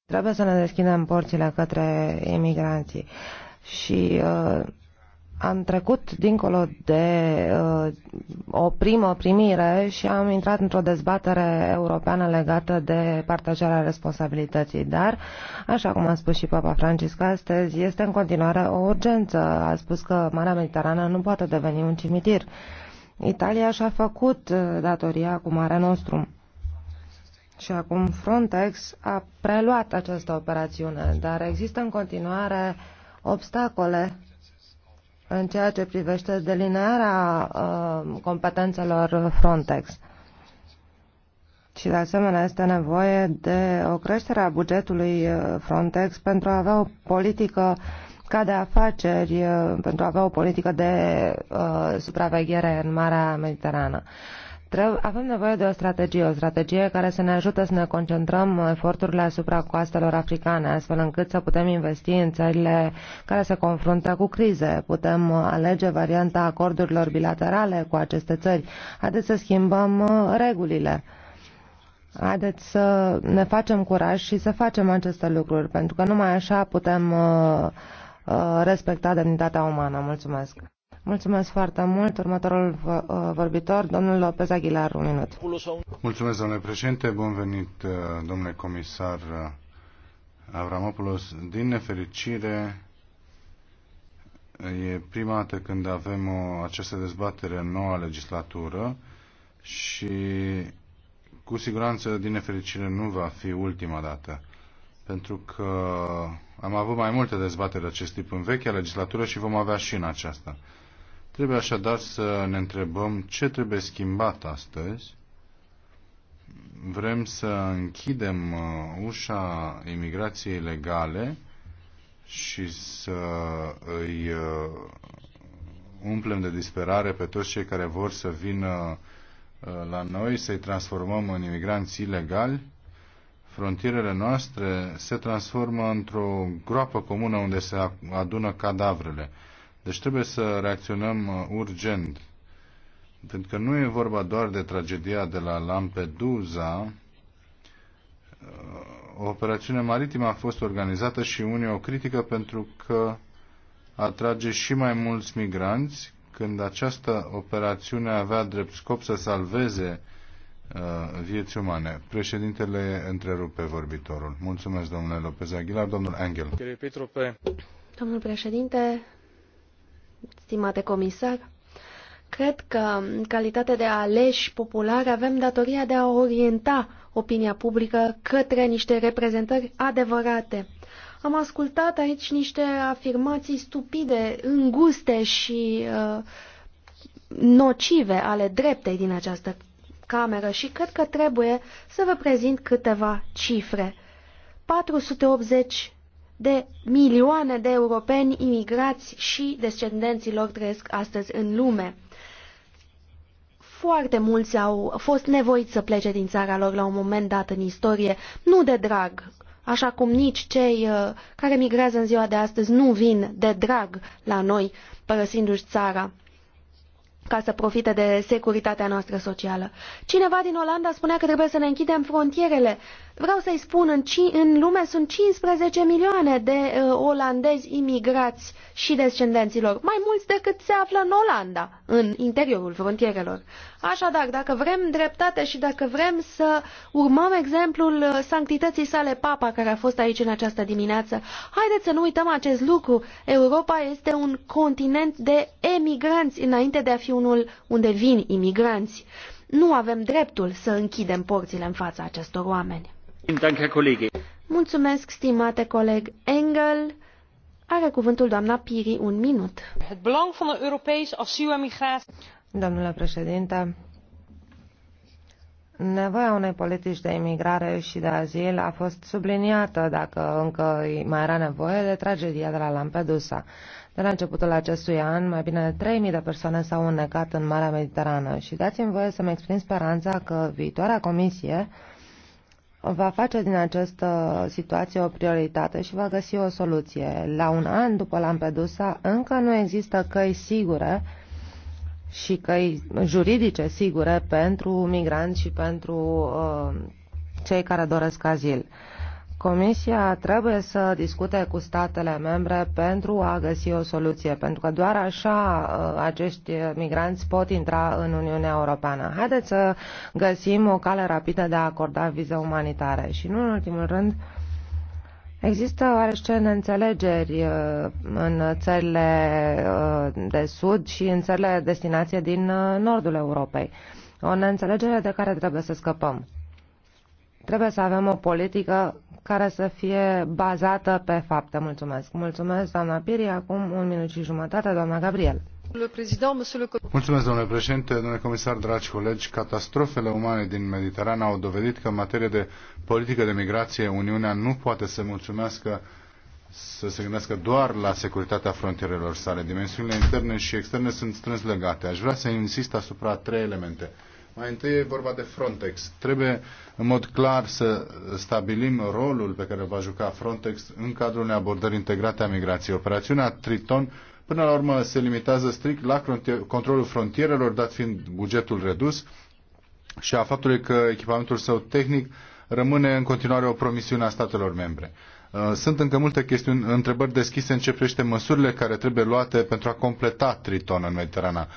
trebuie să ne deschidem porțile către imigranții. Și uh, am trecut dincolo de uh, o primă primire și am intrat într-o dezbatere europeană legată de partajarea responsabilității. Dar, așa cum a spus și Papa Francisc astăzi, este în continuare o urgență. A spus că Marea Mediterană nu poate deveni un cimitir. Italia și-a făcut uh, datoria cu Marea nostru Și acum Frontex a preluat această operațiune, dar există în continuare obstacole în ceea ce privește delinearea uh, competențelor Frontex. Și de asemenea este nevoie de o creștere a bugetului uh, Frontex pentru a avea o politică ca de afaceri, uh, pentru a avea o politică de uh, supraveghere în Marea Mediterană. Uh, avem nevoie de o strategie, o strategie care să ne ajute să ne concentrăm eforturile asupra coastelor africane, astfel încât să putem investi în țările care se confruntă cu crize. Putem alege varianta acordurilor bilaterale cu aceste țări. Haideți să schimbăm uh, regulile. Haideți să ne facem curaj și să facem aceste lucruri, pentru că numai așa putem uh, uh, respecta demnitatea umană. Mulțumesc! Mulțumesc foarte mult. Următorul uh, vorbitor, domnul Lopez Aguilar, un minut. Mulțumesc, domnule președinte. Bun venit, uh, domnule comisar uh, Avramopoulos. Din nefericire, e prima dată când avem o, această dezbatere în noua legislatură și cu siguranță, din nefericire, nu va fi ultima dată. Pentru că am avut mai multe dezbateri de acest tip în vechea legislatură și vom avea și în aceasta. Trebuie așadar să ne întrebăm ce trebuie schimbat astăzi. Vrem să închidem uh, ușa imigrației legale și să îi uh, umplem de disperare pe toți cei care vor să vină uh, la noi, să-i transformăm în imigranți ilegali, frontierele noastre se transformă într-o groapă comună unde se adună cadavrele. Deci trebuie să reacționăm uh, urgent, pentru că nu e vorba doar de tragedia de la Lampedusa. Uh, o operațiune maritimă a fost organizată și unii o critică pentru că atrage și mai mulți migranți, când această operațiune avea drept scop să salveze uh, vieți umane. Președintele întrerupe vorbitorul. Mulțumesc, domnule Lopez Aguilar. Domnul Angel. Domnul președinte, stimate comisar, cred că, în calitate de aleși populari, avem datoria de a orienta opinia publică către niște reprezentări adevărate. Am ascultat aici niște afirmații stupide, înguste și uh, nocive ale dreptei din această cameră și cred că trebuie să vă prezint câteva cifre. 480 de milioane de europeni imigrați și descendenții lor trăiesc astăzi în lume. Foarte mulți au fost nevoiți să plece din țara lor la un moment dat în istorie, nu de drag, așa cum nici cei uh, care migrează în ziua de astăzi nu vin de drag la noi, părăsindu-și țara ca să profite de securitatea noastră socială. Cineva din Olanda spunea că trebuie să ne închidem frontierele. Vreau să-i spun, în, în lume sunt 15 milioane de uh, olandezi imigrați și descendenților, mai mulți decât se află în Olanda, în interiorul frontierelor. Așadar, dacă vrem dreptate și dacă vrem să urmăm exemplul sanctității sale Papa, care a fost aici în această dimineață, haideți să nu uităm acest lucru. Europa este un continent de emigranți înainte de a fi unul unde vin imigranți. Nu avem dreptul să închidem porțile în fața acestor oameni. Mulțumesc, stimate coleg Engel. Are cuvântul doamna Piri un minut. Het belang van Domnule președinte, nevoia unei politici de imigrare și de azil a fost subliniată, dacă încă mai era nevoie, de tragedia de la Lampedusa. De la începutul acestui an, mai bine de 3.000 de persoane s-au înnecat în Marea Mediterană și dați-mi voie să-mi exprim speranța că viitoarea comisie va face din această situație o prioritate și va găsi o soluție. La un an după Lampedusa, încă nu există căi sigure și căi juridice sigure pentru migranți și pentru uh, cei care doresc azil. Comisia trebuie să discute cu statele membre pentru a găsi o soluție, pentru că doar așa uh, acești migranți pot intra în Uniunea Europeană. Haideți să găsim o cale rapidă de a acorda vize umanitare și nu în ultimul rând Există oarește neînțelegeri uh, în țările uh, de sud și în țările de destinație din uh, nordul Europei. O neînțelegere de care trebuie să scăpăm. Trebuie să avem o politică care să fie bazată pe fapte. Mulțumesc. Mulțumesc, doamna Piri. Acum un minut și jumătate, doamna Gabriel domnule președinte, domnule comisar, dragi colegi. Catastrofele umane din Mediterana au dovedit că în materie de politică de migrație, Uniunea nu poate să mulțumească să se gândească doar la securitatea frontierelor sale. Dimensiunile interne și externe sunt strâns legate. Aș vrea să insist asupra trei elemente. Mai întâi e vorba de Frontex. Trebuie în mod clar să stabilim rolul pe care îl va juca Frontex în cadrul unei abordări integrate a migrației. Operațiunea Triton Până la urmă se limitează strict la controlul frontierelor, dat fiind bugetul redus și a faptului că echipamentul său tehnic rămâne în continuare o promisiune a statelor membre. Uh, sunt încă multe chestiuni, întrebări deschise în ce privește măsurile care trebuie luate pentru a completa Triton în Mediterana.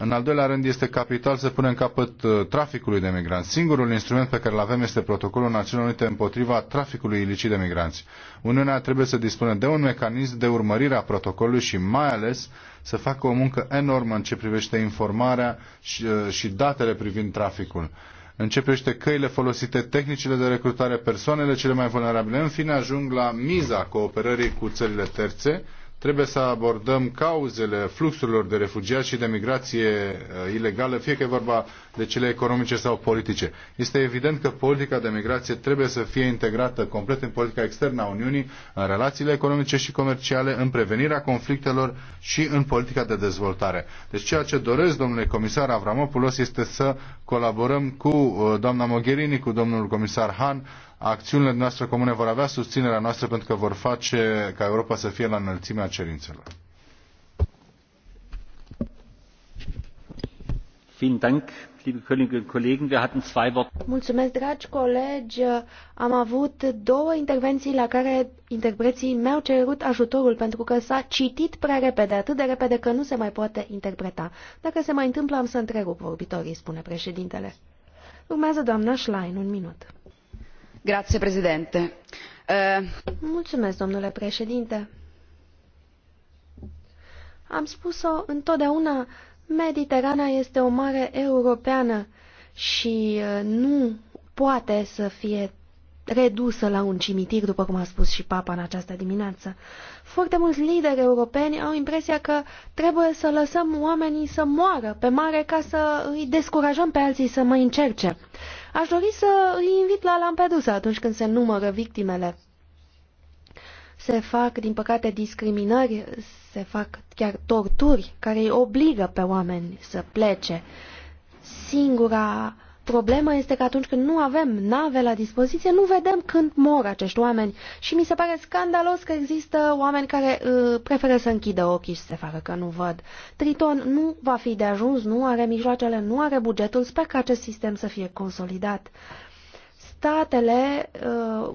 În al doilea rând, este capital să punem capăt uh, traficului de migranți. Singurul instrument pe care îl avem este protocolul Națiunilor Unite împotriva traficului ilicit de migranți. Uniunea trebuie să dispună de un mecanism de urmărire a protocolului și mai ales să facă o muncă enormă în ce privește informarea și, uh, și datele privind traficul. În ce privește căile folosite, tehnicile de recrutare, persoanele cele mai vulnerabile, în fine ajung la miza cooperării cu țările terțe, Trebuie să abordăm cauzele fluxurilor de refugiați și de migrație uh, ilegală, fie că e vorba de cele economice sau politice. Este evident că politica de migrație trebuie să fie integrată complet în politica externă a Uniunii, în relațiile economice și comerciale, în prevenirea conflictelor și în politica de dezvoltare. Deci ceea ce doresc, domnule comisar Avramopoulos, este să colaborăm cu uh, doamna Mogherini, cu domnul comisar Han, acțiunile noastre comune vor avea susținerea noastră pentru că vor face ca Europa să fie la înălțimea cerințelor. Mulțumesc, dragi colegi. Am avut două intervenții la care interpreții mi-au cerut ajutorul pentru că s-a citit prea repede, atât de repede că nu se mai poate interpreta. Dacă se mai întâmplă, am să întrerup vorbitorii, spune președintele. Urmează doamna Schlein, un minut. Eh, Mulțumesc, domnule președinte. Am spus-o întotdeauna, Mediterana este o mare europeană și eh, nu poate să fie redusă la un cimitir, după cum a spus și papa în această dimineață. Foarte mulți lideri europeni au impresia că trebuie să lăsăm oamenii să moară pe mare ca să îi descurajăm pe alții să mai încerce. Aș dori să îi invit la Lampedusa atunci când se numără victimele. Se fac, din păcate, discriminări, se fac chiar torturi care îi obligă pe oameni să plece. Singura Problema este că atunci când nu avem nave la dispoziție, nu vedem când mor acești oameni și mi se pare scandalos că există oameni care uh, preferă să închidă ochii și să se facă că nu văd. Triton nu va fi de ajuns, nu are mijloacele, nu are bugetul, sper că acest sistem să fie consolidat. Statele uh,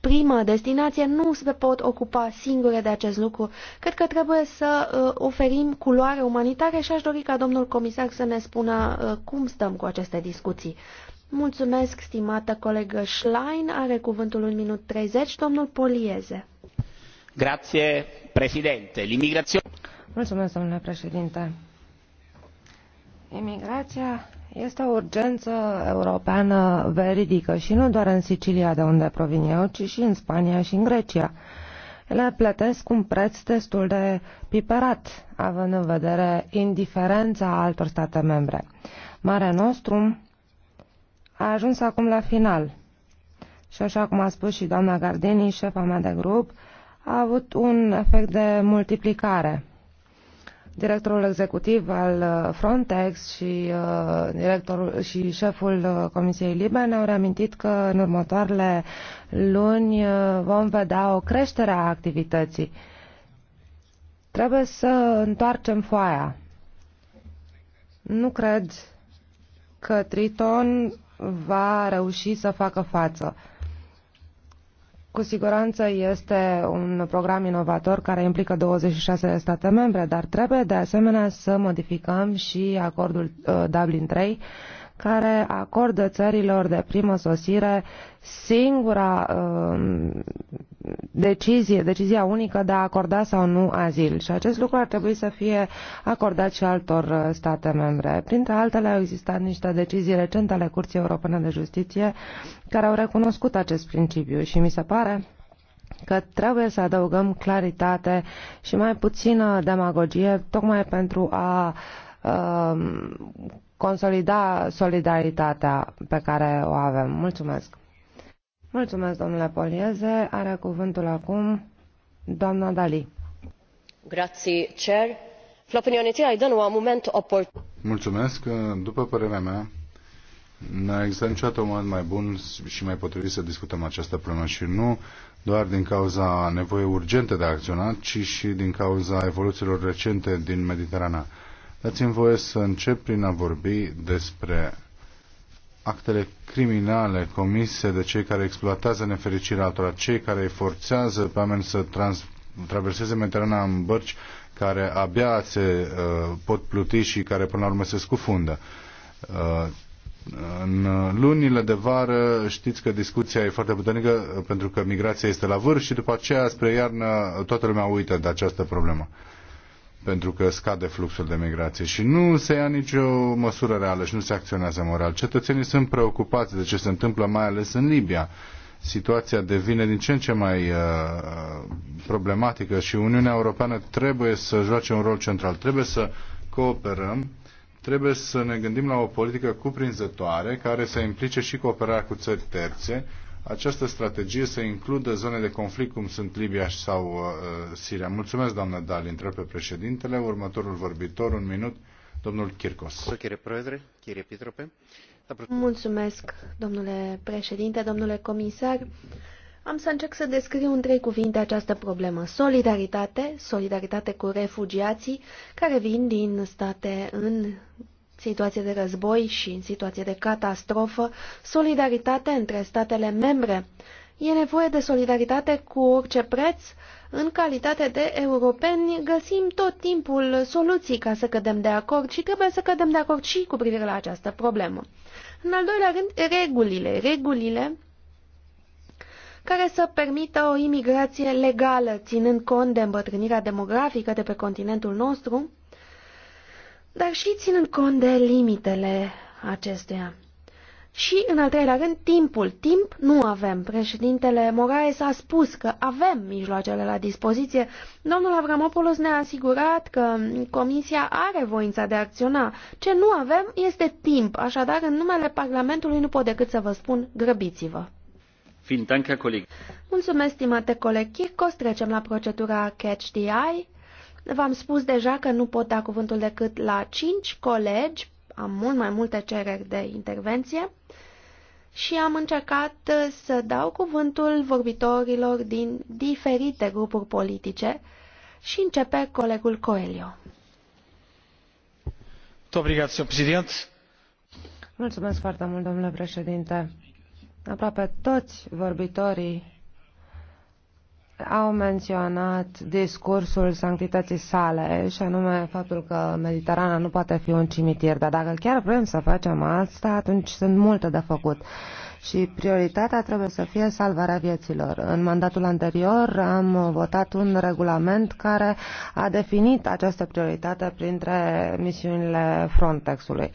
primă destinație nu se pot ocupa singure de acest lucru. Cred că trebuie să uh, oferim culoare umanitare și aș dori ca domnul comisar să ne spună uh, cum stăm cu aceste discuții. Mulțumesc, stimată colegă Schlein. Are cuvântul un minut 30, domnul Polieze. Grație, președinte. Mulțumesc, domnule președinte. Imigrația este o urgență europeană veridică și nu doar în Sicilia, de unde provin eu, ci și în Spania și în Grecia. Ele plătesc un preț destul de piperat, având în vedere indiferența altor state membre. Marea nostru a ajuns acum la final. Și așa cum a spus și doamna Gardini, șefa mea de grup, a avut un efect de multiplicare directorul executiv al uh, Frontex și, uh, directorul, și șeful uh, Comisiei Libe ne-au reamintit că în următoarele luni vom vedea o creștere a activității. Trebuie să întoarcem foaia. Nu cred că Triton va reuși să facă față. Cu siguranță este un program inovator care implică 26 de state membre, dar trebuie de asemenea să modificăm și acordul uh, Dublin 3, care acordă țărilor de primă sosire singura uh, decizie, decizia unică de a acorda sau nu azil și acest lucru ar trebui să fie acordat și altor uh, state membre. Printre altele au existat niște decizii recente ale Curții Europene de Justiție care au recunoscut acest principiu și mi se pare că trebuie să adăugăm claritate și mai puțină demagogie tocmai pentru a uh, consolida solidaritatea pe care o avem. Mulțumesc! Mulțumesc, domnule Polieze. Are cuvântul acum doamna Dali. Grazie, Chair. Fl-opinjoni ai dan un moment opportun. Mulțumesc. După părerea mea, ne a existat niciodată un moment mai bun și mai potrivit să discutăm această problemă și nu doar din cauza nevoii urgente de a acționa, ci și din cauza evoluțiilor recente din Mediterana. Dați-mi voie să încep prin a vorbi despre actele criminale comise de cei care exploatează nefericirea altora, cei care îi forțează pe oameni să trans, traverseze Mediterana în bărci care abia se uh, pot pluti și care până la urmă se scufundă. Uh, în lunile de vară știți că discuția e foarte puternică pentru că migrația este la vârf și după aceea spre iarnă toată lumea uită de această problemă. Uh, pentru că scade fluxul de migrație și nu se ia nicio măsură reală și nu se acționează moral. Cetățenii sunt preocupați de ce se întâmplă, mai ales în Libia. Situația devine din ce în ce mai uh, problematică și Uniunea Europeană trebuie să joace un rol central. Trebuie să cooperăm, trebuie să ne gândim la o politică cuprinzătoare care să implice și cooperarea cu țări terțe această strategie să includă zone de conflict cum sunt Libia sau uh, uh Siria. Mulțumesc, doamnă Dali, întreb pe președintele. Următorul vorbitor, un minut, domnul Kirkos. Da, Mulțumesc, domnule președinte, domnule comisar. Am să încerc să descriu în trei cuvinte această problemă. Solidaritate, solidaritate cu refugiații care vin din state în situație de război și în situație de catastrofă, solidaritate între statele membre. E nevoie de solidaritate cu orice preț. În calitate de europeni găsim tot timpul soluții ca să cădem de acord și trebuie să cădem de acord și cu privire la această problemă. În al doilea rând, regulile. Regulile care să permită o imigrație legală, ținând cont de îmbătrânirea demografică de pe continentul nostru, dar și ținând cont de limitele acestuia. Și, în al treilea rând, timpul. Timp nu avem. Președintele Moraes a spus că avem mijloacele la dispoziție. Domnul Avramopoulos ne-a asigurat că Comisia are voința de a acționa. Ce nu avem este timp. Așadar, în numele Parlamentului nu pot decât să vă spun, grăbiți-vă. Mulțumesc, stimate coleg Chircos. Trecem la procedura Catch the Eye. V-am spus deja că nu pot da cuvântul decât la cinci colegi, am mult mai multe cereri de intervenție și am încercat uh, să dau cuvântul vorbitorilor din diferite grupuri politice și începe colegul Coelho. Mulțumesc foarte mult, domnule președinte. Aproape toți vorbitorii au menționat discursul sanctității sale și anume faptul că Mediterana nu poate fi un cimitir, dar dacă chiar vrem să facem asta, atunci sunt multe de făcut și prioritatea trebuie să fie salvarea vieților. În mandatul anterior am votat un regulament care a definit această prioritate printre misiunile Frontexului.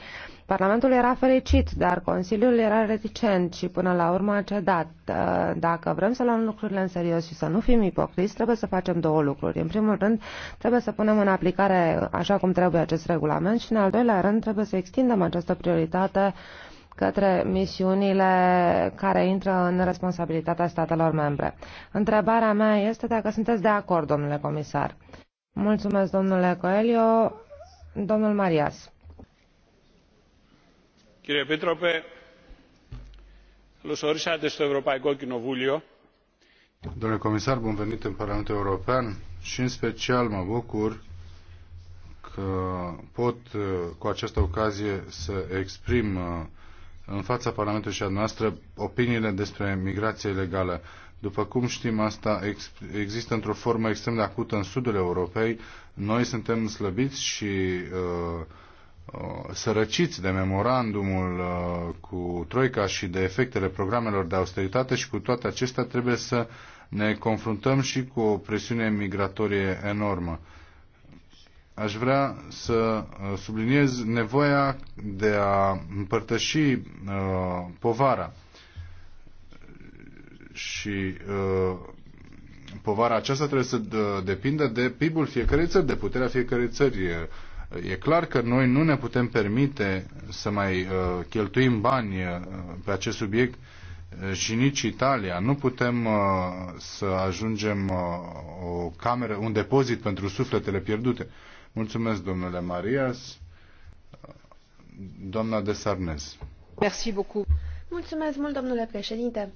Parlamentul era fericit, dar Consiliul era reticent și până la urmă a cedat. Uh, dacă vrem să luăm lucrurile în serios și să nu fim ipocriți, trebuie să facem două lucruri. În primul rând, trebuie să punem în aplicare așa cum trebuie acest regulament și, în al doilea rând, trebuie să extindem această prioritate către misiunile care intră în responsabilitatea statelor membre. Întrebarea mea este dacă sunteți de acord, domnule comisar. Mulțumesc, domnule Coelho. Domnul Marias. Κύριε Επίτροπε, καλώς ορίσατε στο Ευρωπαϊκό Κοινοβούλιο. Domnule comisar, bun venit în Parlamentul European și în special mă bucur că pot uh, cu această ocazie să exprim uh, în fața Parlamentului și a noastră opiniile despre migrație ilegală. După cum știm, asta există într-o formă extrem de acută în sudul Europei. Noi suntem slăbiți și uh, Uh, sărăciți de memorandumul uh, cu Troica și de efectele programelor de austeritate și cu toate acestea trebuie să ne confruntăm și cu o presiune migratorie enormă. Aș vrea să uh, subliniez nevoia de a împărtăși povara și povara aceasta trebuie să depindă de PIB-ul fiecărei țări, de puterea fiecărei țări. E clar că noi nu ne putem permite să mai uh, cheltuim bani uh, pe acest subiect uh, și nici Italia. Nu putem să ajungem o cameră, un depozit pentru sufletele pierdute. Mulțumesc, domnule Marias. Doamna de Sarnez. Mulțumesc mult, domnule președinte.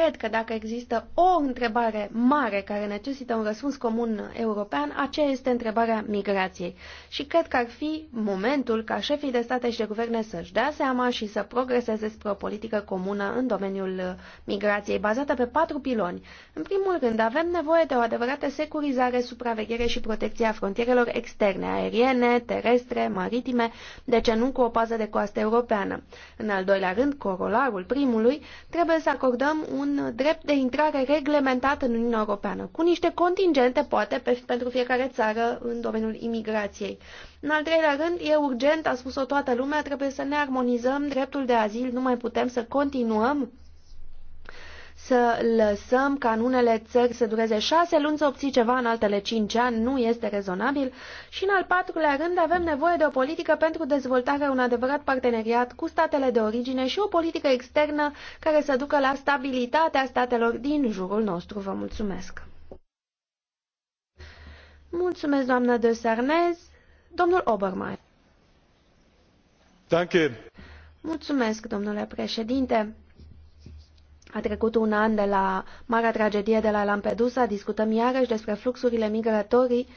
Cred că dacă există o întrebare mare care necesită un răspuns comun european, aceea este întrebarea migrației. Și cred că ar fi momentul ca șefii de state și de guverne să-și dea seama și să progreseze spre o politică comună în domeniul migrației, bazată pe patru piloni. În primul rând, avem nevoie de o adevărată securizare, supraveghere și protecție a frontierelor externe, aeriene, terestre, maritime, de ce nu cu o pază de coastă europeană. În al doilea rând, corolarul primului, trebuie să acordăm un un drept de intrare reglementat în Uniunea Europeană, cu niște contingente, poate, pe, pentru fiecare țară în domeniul imigrației. În al treilea rând, e urgent, a spus-o toată lumea, trebuie să ne armonizăm dreptul de azil, nu mai putem să continuăm să lăsăm ca în unele țări să dureze șase luni să obții ceva, în altele cinci ani, nu este rezonabil. Și în al patrulea rând avem nevoie de o politică pentru dezvoltarea un adevărat parteneriat cu statele de origine și o politică externă care să ducă la stabilitatea statelor din jurul nostru. Vă mulțumesc! Mulțumesc, doamnă de Sarnez. Domnul Obermeier. Danke. Mulțumesc, domnule președinte. A trecut un an de la marea tragedie de la Lampedusa, discutăm iarăși despre fluxurile migratorii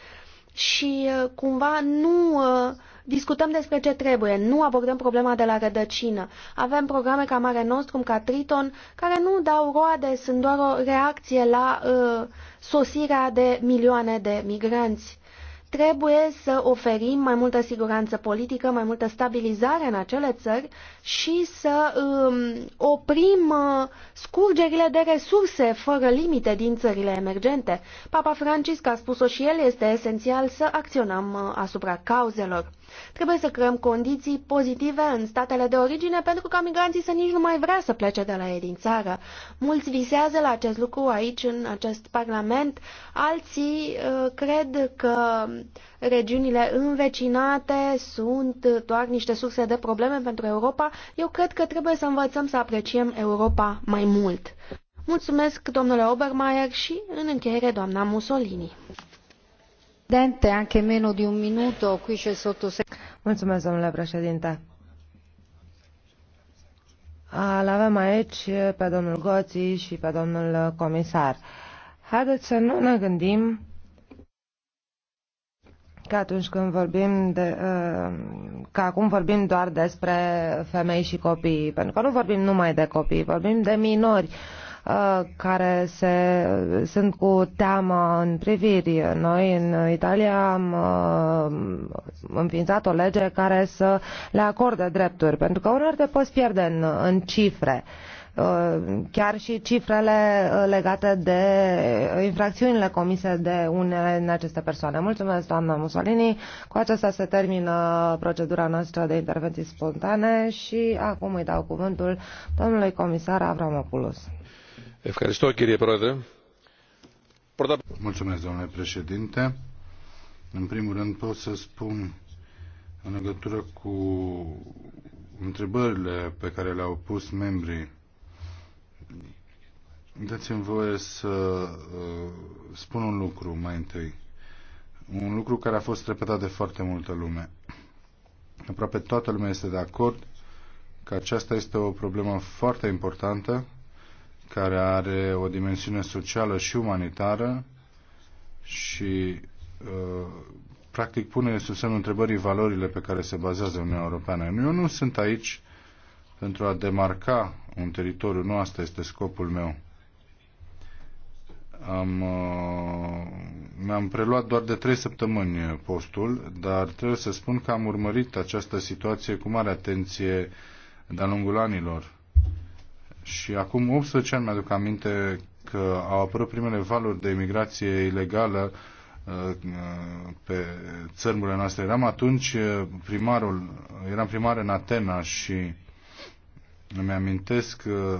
și uh, cumva nu uh, discutăm despre ce trebuie, nu abordăm problema de la rădăcină. Avem programe ca Mare Nostrum, ca Triton, care nu dau roade, sunt doar o reacție la uh, sosirea de milioane de migranți. Trebuie să oferim mai multă siguranță politică, mai multă stabilizare în acele țări și să um, oprim uh, scurgerile de resurse fără limite din țările emergente. Papa Francisc a spus-o și el, este esențial să acționăm uh, asupra cauzelor. Trebuie să creăm condiții pozitive în statele de origine pentru ca migranții să nici nu mai vrea să plece de la ei din țară. Mulți visează la acest lucru aici, în acest parlament, alții uh, cred că regiunile învecinate sunt doar niște surse de probleme pentru Europa. Eu cred că trebuie să învățăm să apreciem Europa mai mult. Mulțumesc, domnule Obermeier, și în încheiere, doamna Mussolini domnule președinte. Îl avem aici pe domnul Goți și pe domnul comisar. Haideți să nu ne gândim că atunci când vorbim de, uh, că acum vorbim doar despre femei și copii, pentru că nu vorbim numai de copii, vorbim de minori Uh, care se, sunt cu teamă în priviri. Noi în Italia am uh, înființat o lege care să le acorde drepturi, pentru că uneori te poți pierde în, în cifre uh, chiar și cifrele legate de infracțiunile comise de unele din aceste persoane. Mulțumesc, doamna Mussolini. Cu aceasta se termină procedura noastră de intervenții spontane și acum îi dau cuvântul domnului comisar Avramopoulos. Mulțumesc, domnule președinte. În primul rând pot să spun în legătură cu întrebările pe care le-au pus membrii. Dați-mi voie să uh, spun un lucru mai întâi. Un lucru care a fost repetat de foarte multă lume. Aproape toată lumea este de acord că aceasta este o problemă foarte importantă care are o dimensiune socială și umanitară și uh, practic pune sub semnul întrebării valorile pe care se bazează Uniunea Europeană. Eu nu sunt aici pentru a demarca un teritoriu, nu asta este scopul meu. Am, uh, mi-am preluat doar de trei săptămâni postul, dar trebuie să spun că am urmărit această situație cu mare atenție de-a lungul anilor și acum 18 ani mi-aduc aminte că au apărut primele valuri de imigrație ilegală uh, pe țărmurile noastre. Eram atunci uh, primarul, eram primar în Atena și îmi amintesc că uh,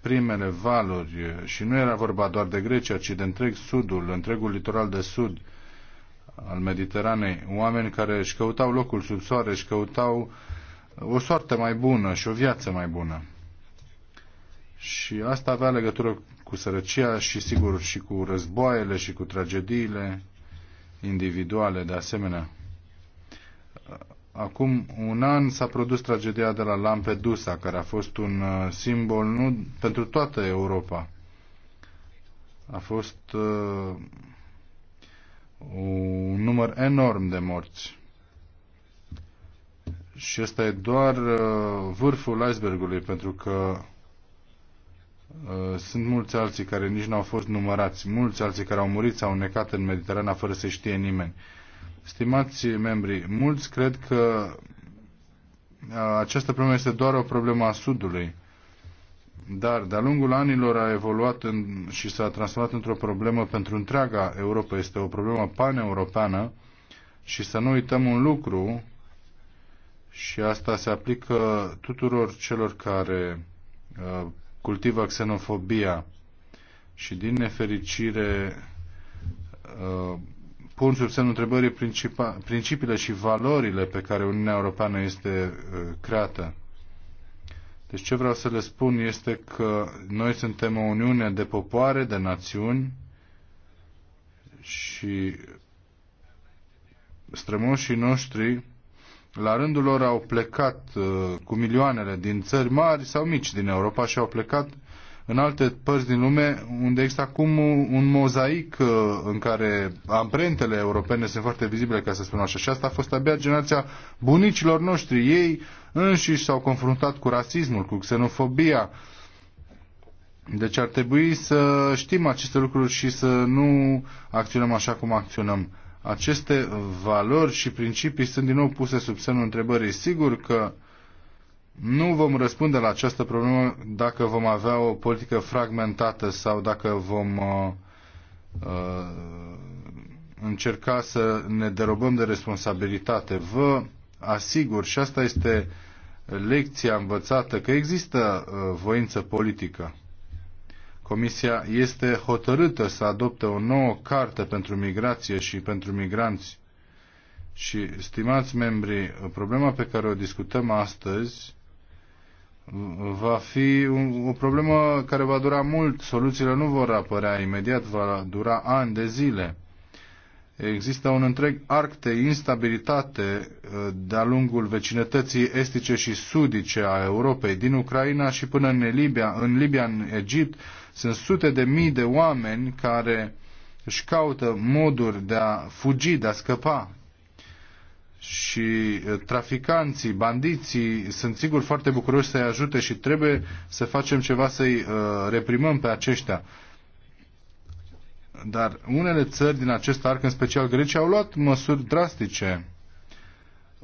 primele valuri și nu era vorba doar de Grecia, ci de întreg sudul, întregul litoral de sud al Mediteranei, oameni care își căutau locul sub soare, își căutau o soartă mai bună și o viață mai bună. Și asta avea legătură cu sărăcia și, sigur, și cu războaiele și cu tragediile individuale, de asemenea. Acum un an s-a produs tragedia de la Lampedusa, care a fost un uh, simbol nu pentru toată Europa. A fost uh, un număr enorm de morți. Și ăsta e doar uh, vârful icebergului, pentru că Uh, sunt mulți alții care nici nu au fost numărați, mulți alții care au murit sau au necat în Mediterana fără să știe nimeni. Stimați membri, mulți cred că uh, această problemă este doar o problemă a Sudului, dar de-a lungul anilor a evoluat în, și s-a transformat într-o problemă pentru întreaga Europa. Este o problemă paneuropeană și să nu uităm un lucru și asta se aplică tuturor celor care uh, cultivă xenofobia și din nefericire uh, pun sub semnul întrebării principiile și valorile pe care Uniunea Europeană este uh, creată. Deci ce vreau să le spun este că noi suntem o uniune de popoare, de națiuni și strămoșii noștri la rândul lor au plecat uh, cu milioanele din țări mari sau mici din Europa și au plecat în alte părți din lume unde există acum un mozaic uh, în care amprentele europene sunt foarte vizibile, ca să spun așa. Și asta a fost abia generația bunicilor noștri. Ei înșiși s-au confruntat cu rasismul, cu xenofobia. Deci ar trebui să știm aceste lucruri și să nu acționăm așa cum acționăm aceste valori și principii sunt din nou puse sub semnul întrebării. Sigur că nu vom răspunde la această problemă dacă vom avea o politică fragmentată sau dacă vom uh, uh, încerca să ne derobăm de responsabilitate. Vă asigur, și asta este lecția învățată, că există uh, voință politică. Comisia este hotărâtă să adopte o nouă carte pentru migrație și pentru migranți. Și, stimați membri, problema pe care o discutăm astăzi va fi o problemă care va dura mult. Soluțiile nu vor apărea imediat, va dura ani de zile. Există un întreg arc de instabilitate uh, de-a lungul vecinătății estice și sudice a Europei, din Ucraina și până în Libia, în Libia, în Egipt, sunt sute de mii de oameni care își caută moduri de a fugi, de a scăpa. Și traficanții, bandiții sunt sigur foarte bucuroși să-i ajute și trebuie să facem ceva să-i uh, reprimăm pe aceștia. Dar unele țări din acest arc, în special Grecia, au luat măsuri drastice.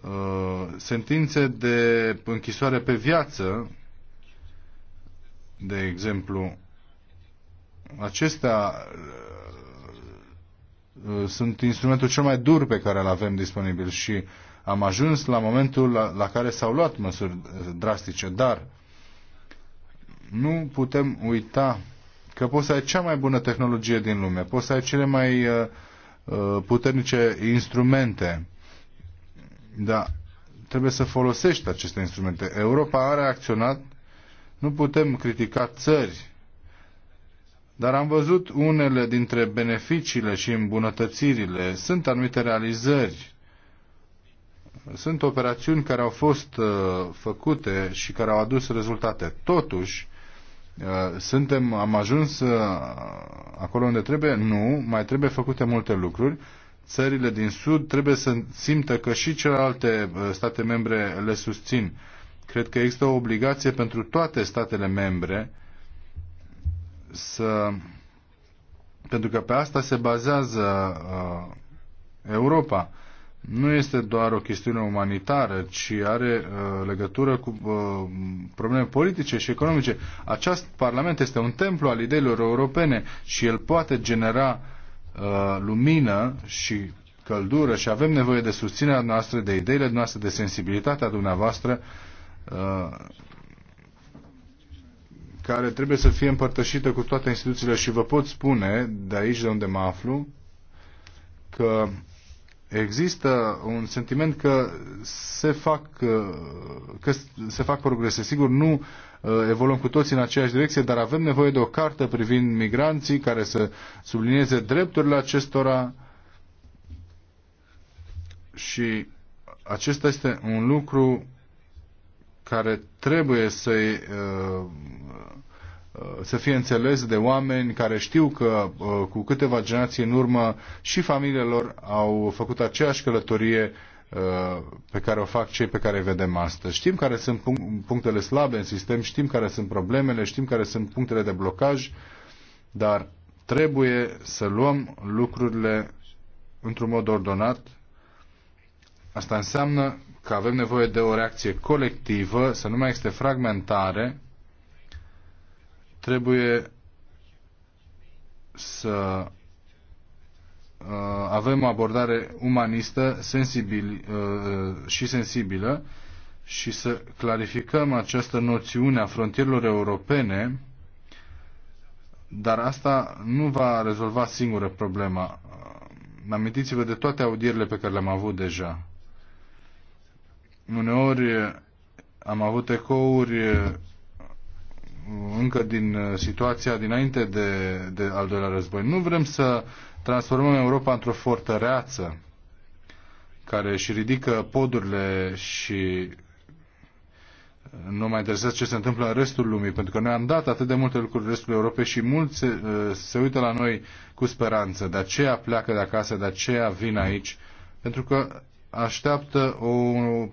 Uh, sentințe de închisoare pe viață, de exemplu, acestea uh, sunt instrumentul cel mai dur pe care îl avem disponibil și am ajuns la momentul la, la care s-au luat măsuri drastice, dar nu putem uita că poți să ai cea mai bună tehnologie din lume, poți să ai cele mai uh, uh puternice instrumente, dar trebuie să folosești aceste instrumente. Europa a reacționat, nu putem critica țări dar am văzut unele dintre beneficiile și îmbunătățirile. Sunt anumite realizări. Sunt operațiuni care au fost uh, făcute și care au adus rezultate. Totuși, uh, suntem, am ajuns uh, acolo unde trebuie? Nu, mai trebuie făcute multe lucruri țările din Sud trebuie să simtă că și celelalte uh, state membre le susțin. Cred că există o obligație pentru toate statele membre să. Pentru că pe asta se bazează uh, Europa. Nu este doar o chestiune umanitară, ci are uh, legătură cu uh, probleme politice și economice. Acest Parlament este un templu al ideilor europene și el poate genera uh, lumină și căldură și avem nevoie de susținerea noastră, de ideile noastre, de sensibilitatea dumneavoastră. Uh, care trebuie să fie împărtășită cu toate instituțiile și vă pot spune, de aici de unde mă aflu, că există un sentiment că se fac, că se fac progrese. Sigur, nu uh, evoluăm cu toții în aceeași direcție, dar avem nevoie de o carte privind migranții care să sublinieze drepturile acestora și acesta este un lucru care trebuie să uh, uh, să fie înțeles de oameni care știu că uh, cu câteva generații în urmă și familiile lor au făcut aceeași călătorie pe care o fac cei pe care îi vedem astăzi. Știm care sunt punctele slabe în sistem, știm care sunt problemele, știm care sunt punctele de blocaj, dar trebuie să luăm lucrurile într-un mod ordonat. Asta înseamnă că avem nevoie de o reacție colectivă, să nu mai este fragmentare. Trebuie să uh, avem o abordare umanistă sensibil, uh, și sensibilă și să clarificăm această noțiune a frontierelor europene, dar asta nu va rezolva singură problema. Uh, Amintiți-vă de toate audierile pe care le-am avut deja. Uneori eh, am avut ecouri eh, încă din eh, situația dinainte de, de al doilea război. Nu vrem să transformăm Europa într-o fortăreață care își ridică podurile și nu mai interesează ce se întâmplă în restul lumii, pentru că noi am dat atât de multe lucruri restul Europei și mulți se, se uită la noi cu speranță. De aceea pleacă de acasă, de aceea vin aici, pentru că așteaptă o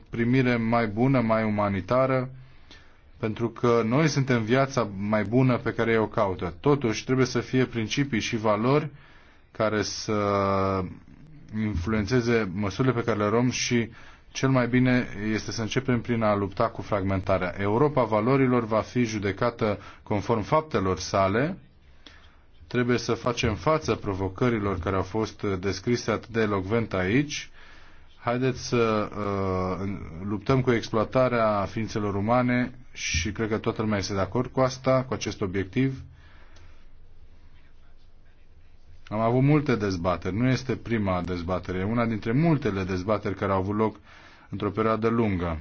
primire mai bună, mai umanitară, pentru că noi suntem viața mai bună pe care ei o caută. Totuși, trebuie să fie principii și valori care să influențeze măsurile pe care le luăm și cel mai bine este să începem prin a lupta cu fragmentarea. Europa valorilor va fi judecată conform faptelor sale. Trebuie să facem față provocărilor care au fost descrise atât de elocvent aici Haideți să uh, luptăm cu exploatarea ființelor umane și cred că toată lumea este de acord cu asta, cu acest obiectiv. Am avut multe dezbateri, nu este prima dezbatere, e una dintre multele dezbateri care au avut loc într-o perioadă lungă.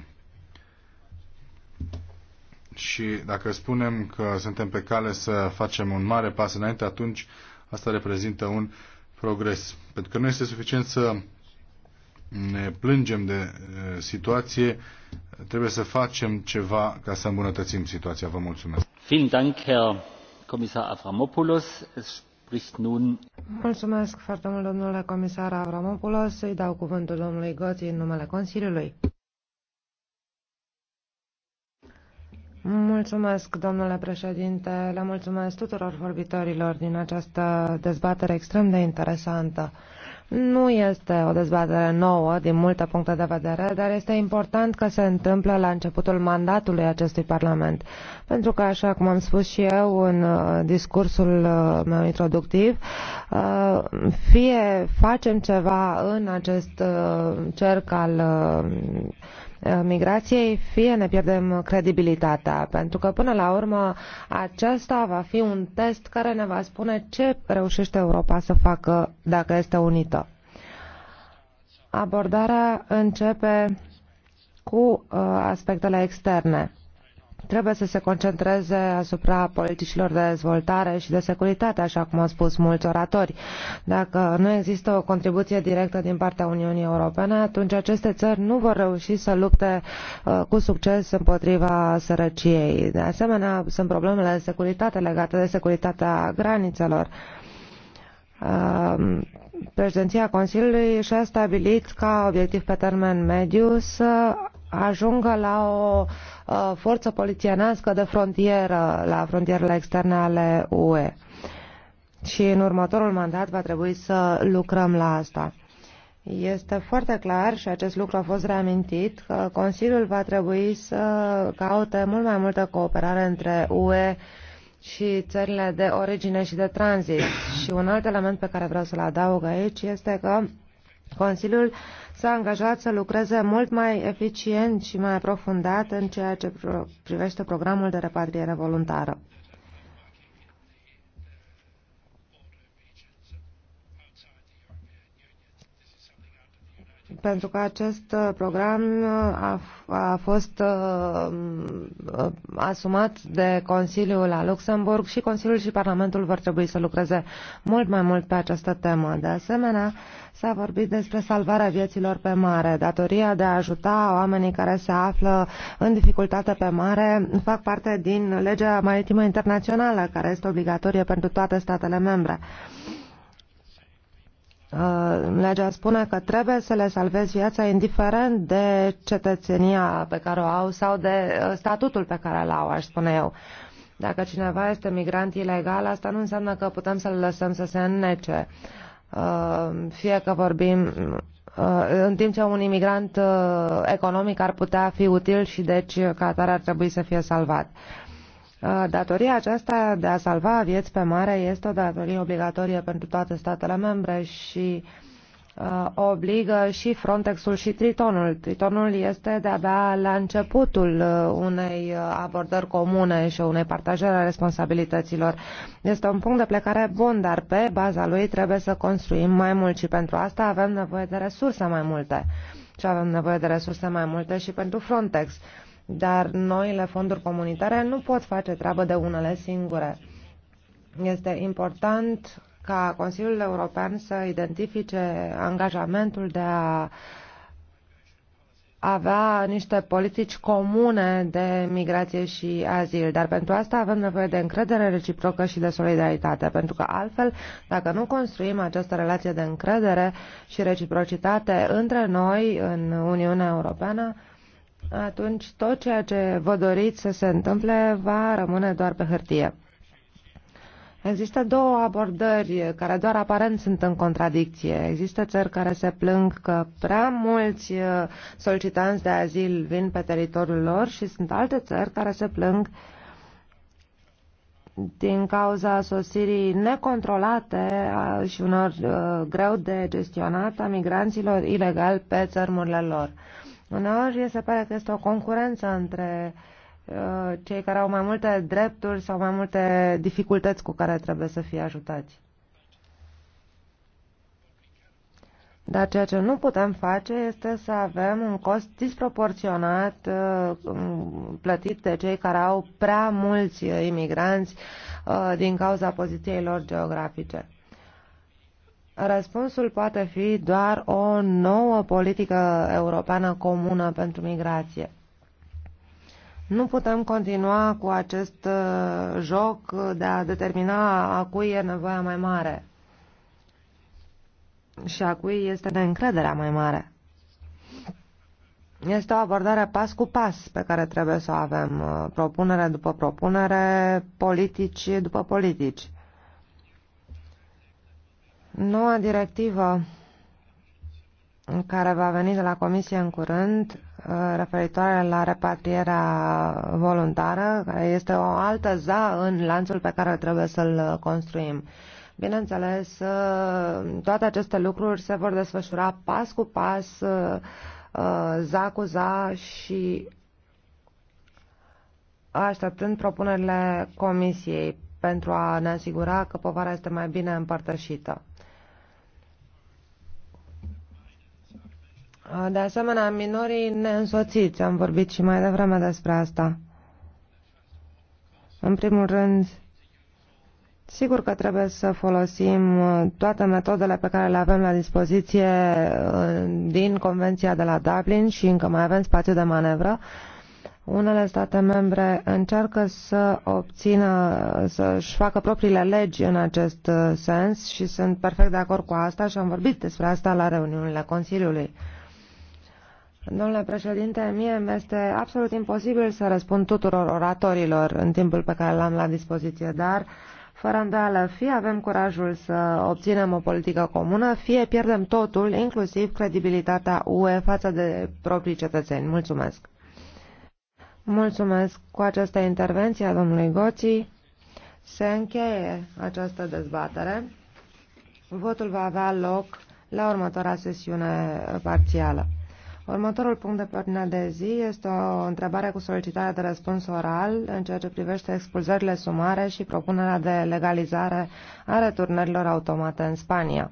Și dacă spunem că suntem pe cale să facem un mare pas înainte, atunci asta reprezintă un progres. Pentru că nu este suficient să ne plângem de situație, trebuie să facem ceva ca să îmbunătățim situația. Vă mulțumesc. Mulțumesc foarte mult, domnule comisar Avramopoulos. Îi dau cuvântul domnului Goți în numele Consiliului. Mulțumesc, domnule președinte. Le mulțumesc tuturor vorbitorilor din această dezbatere extrem de interesantă. Nu este o dezbatere nouă din multe puncte de vedere, dar este important că se întâmplă la începutul mandatului acestui Parlament. Pentru că, așa cum am spus și eu în uh, discursul uh, meu introductiv, uh, fie facem ceva în acest cerc al Uh, migrației, fie ne pierdem credibilitatea, pentru că până la urmă acesta va fi un test care ne va spune ce reușește Europa să facă dacă este unită. Abordarea începe cu uh, aspectele externe trebuie să se concentreze asupra politicilor de dezvoltare și de securitate, așa cum au spus mulți oratori. Dacă nu există o contribuție directă din partea Uniunii Europene, atunci aceste țări nu vor reuși să lupte uh, cu succes împotriva sărăciei. De asemenea, sunt problemele de securitate legate de securitatea granițelor. Uh, președinția Consiliului și-a stabilit ca obiectiv pe termen mediu să ajungă la o uh, forță polițienească de frontieră, la frontierele externe ale UE. Și în următorul mandat va trebui să lucrăm la asta. Este foarte clar și acest lucru a fost reamintit că Consiliul va trebui să caute mult mai multă cooperare între UE și țările de origine și de tranzit. Și un alt element pe care vreau să-l adaug aici este că Consiliul uh, s-a angajat să lucreze mult mai eficient și mai aprofundat în ceea ce privește programul de repatriere voluntară. pentru că acest uh, program uh, a, a fost uh, uh, asumat de Consiliul la Luxemburg și Consiliul și Parlamentul vor trebui să lucreze mult mai mult pe această temă. De asemenea, s-a vorbit despre salvarea vieților pe mare. Datoria de a ajuta oamenii care se află în dificultate pe mare fac parte din legea maritimă internațională, care este obligatorie pentru toate statele membre. Uh, Uh, legea spune că trebuie să le salvezi viața indiferent de cetățenia pe care o au sau de uh, statutul pe care îl au, aș spune eu. Dacă cineva este migrant ilegal, asta nu înseamnă că putem să-l lăsăm să se înnece. Uh, fie că vorbim în timp ce un imigrant economic ar putea fi util și deci ca atare ar trebui să fie salvat. Uh, datoria aceasta de a salva vieți pe mare este o datorie obligatorie pentru toate statele membre și uh, obligă și Frontexul și Tritonul. Tritonul este de-abia la începutul uh, unei uh, abordări comune și unei partajări a responsabilităților. Este un punct de plecare bun, dar pe baza lui trebuie să construim mai mult și pentru asta avem nevoie de resurse mai multe. Și avem nevoie de resurse mai multe și pentru Frontex. Uh, dar noile fonduri comunitare nu pot face treabă de unele singure. Este important ca Consiliul European să identifice angajamentul de a avea niște politici comune de migrație și azil, dar pentru asta avem nevoie de încredere reciprocă și de solidaritate, pentru că altfel, dacă nu construim această relație de încredere și reciprocitate între noi în Uniunea Europeană, atunci tot ceea ce vă doriți să se întâmple va rămâne doar pe hârtie. Există două abordări care doar aparent sunt în contradicție. Există țări care se plâng că prea mulți uh, solicitanți de azil vin pe teritoriul lor și sunt alte țări care se plâng din cauza sosirii necontrolate și unor uh, greu de gestionat a migranților ilegali pe țărmurile lor. Uneori se pare că este o concurență între uh, cei care au mai multe drepturi sau mai multe dificultăți cu care trebuie să fie ajutați. Dar ceea ce nu putem face este să avem un cost disproporționat uh, um, plătit de cei care au prea mulți imigranți uh, din cauza poziției lor geografice. Răspunsul poate fi doar o nouă politică europeană comună pentru migrație. Nu putem continua cu acest uh, joc de a determina a cui e nevoia mai mare și a cui este de încrederea mai mare. Este o abordare pas cu pas pe care trebuie să o avem, uh, propunere după propunere, politici după politici. Noua directivă care va veni de la Comisie în curând, uh, referitoare la repatrierea voluntară, care este o altă za în lanțul pe care trebuie să-l construim. Bineînțeles, uh, toate aceste lucruri se vor desfășura pas cu pas, uh, za cu za și așteptând propunerile Comisiei pentru a ne asigura că povara este mai bine împărtășită. De asemenea, minorii neînsoțiți, am vorbit și mai devreme despre asta. În primul rând, sigur că trebuie să folosim uh, toate metodele pe care le avem la dispoziție uh, din Convenția de la Dublin și încă mai avem spațiu de manevră, unele state membre încearcă să obțină, să-și facă propriile legi în acest uh, sens și sunt perfect de acord cu asta și am vorbit despre asta la reuniunile Consiliului. Domnule președinte, mie mi-este absolut imposibil să răspund tuturor oratorilor în timpul pe care l-am la dispoziție, dar fără îndoială, fie avem curajul să obținem o politică comună, fie pierdem totul, inclusiv credibilitatea UE față de proprii cetățeni. Mulțumesc! Mulțumesc cu această intervenție a domnului Goții. Se încheie această dezbatere. Votul va avea loc la următoarea sesiune parțială. Următorul punct de pe ordinea de zi este o întrebare cu solicitarea de răspuns oral în ceea ce privește expulzările sumare și propunerea de legalizare a returnărilor automate în Spania.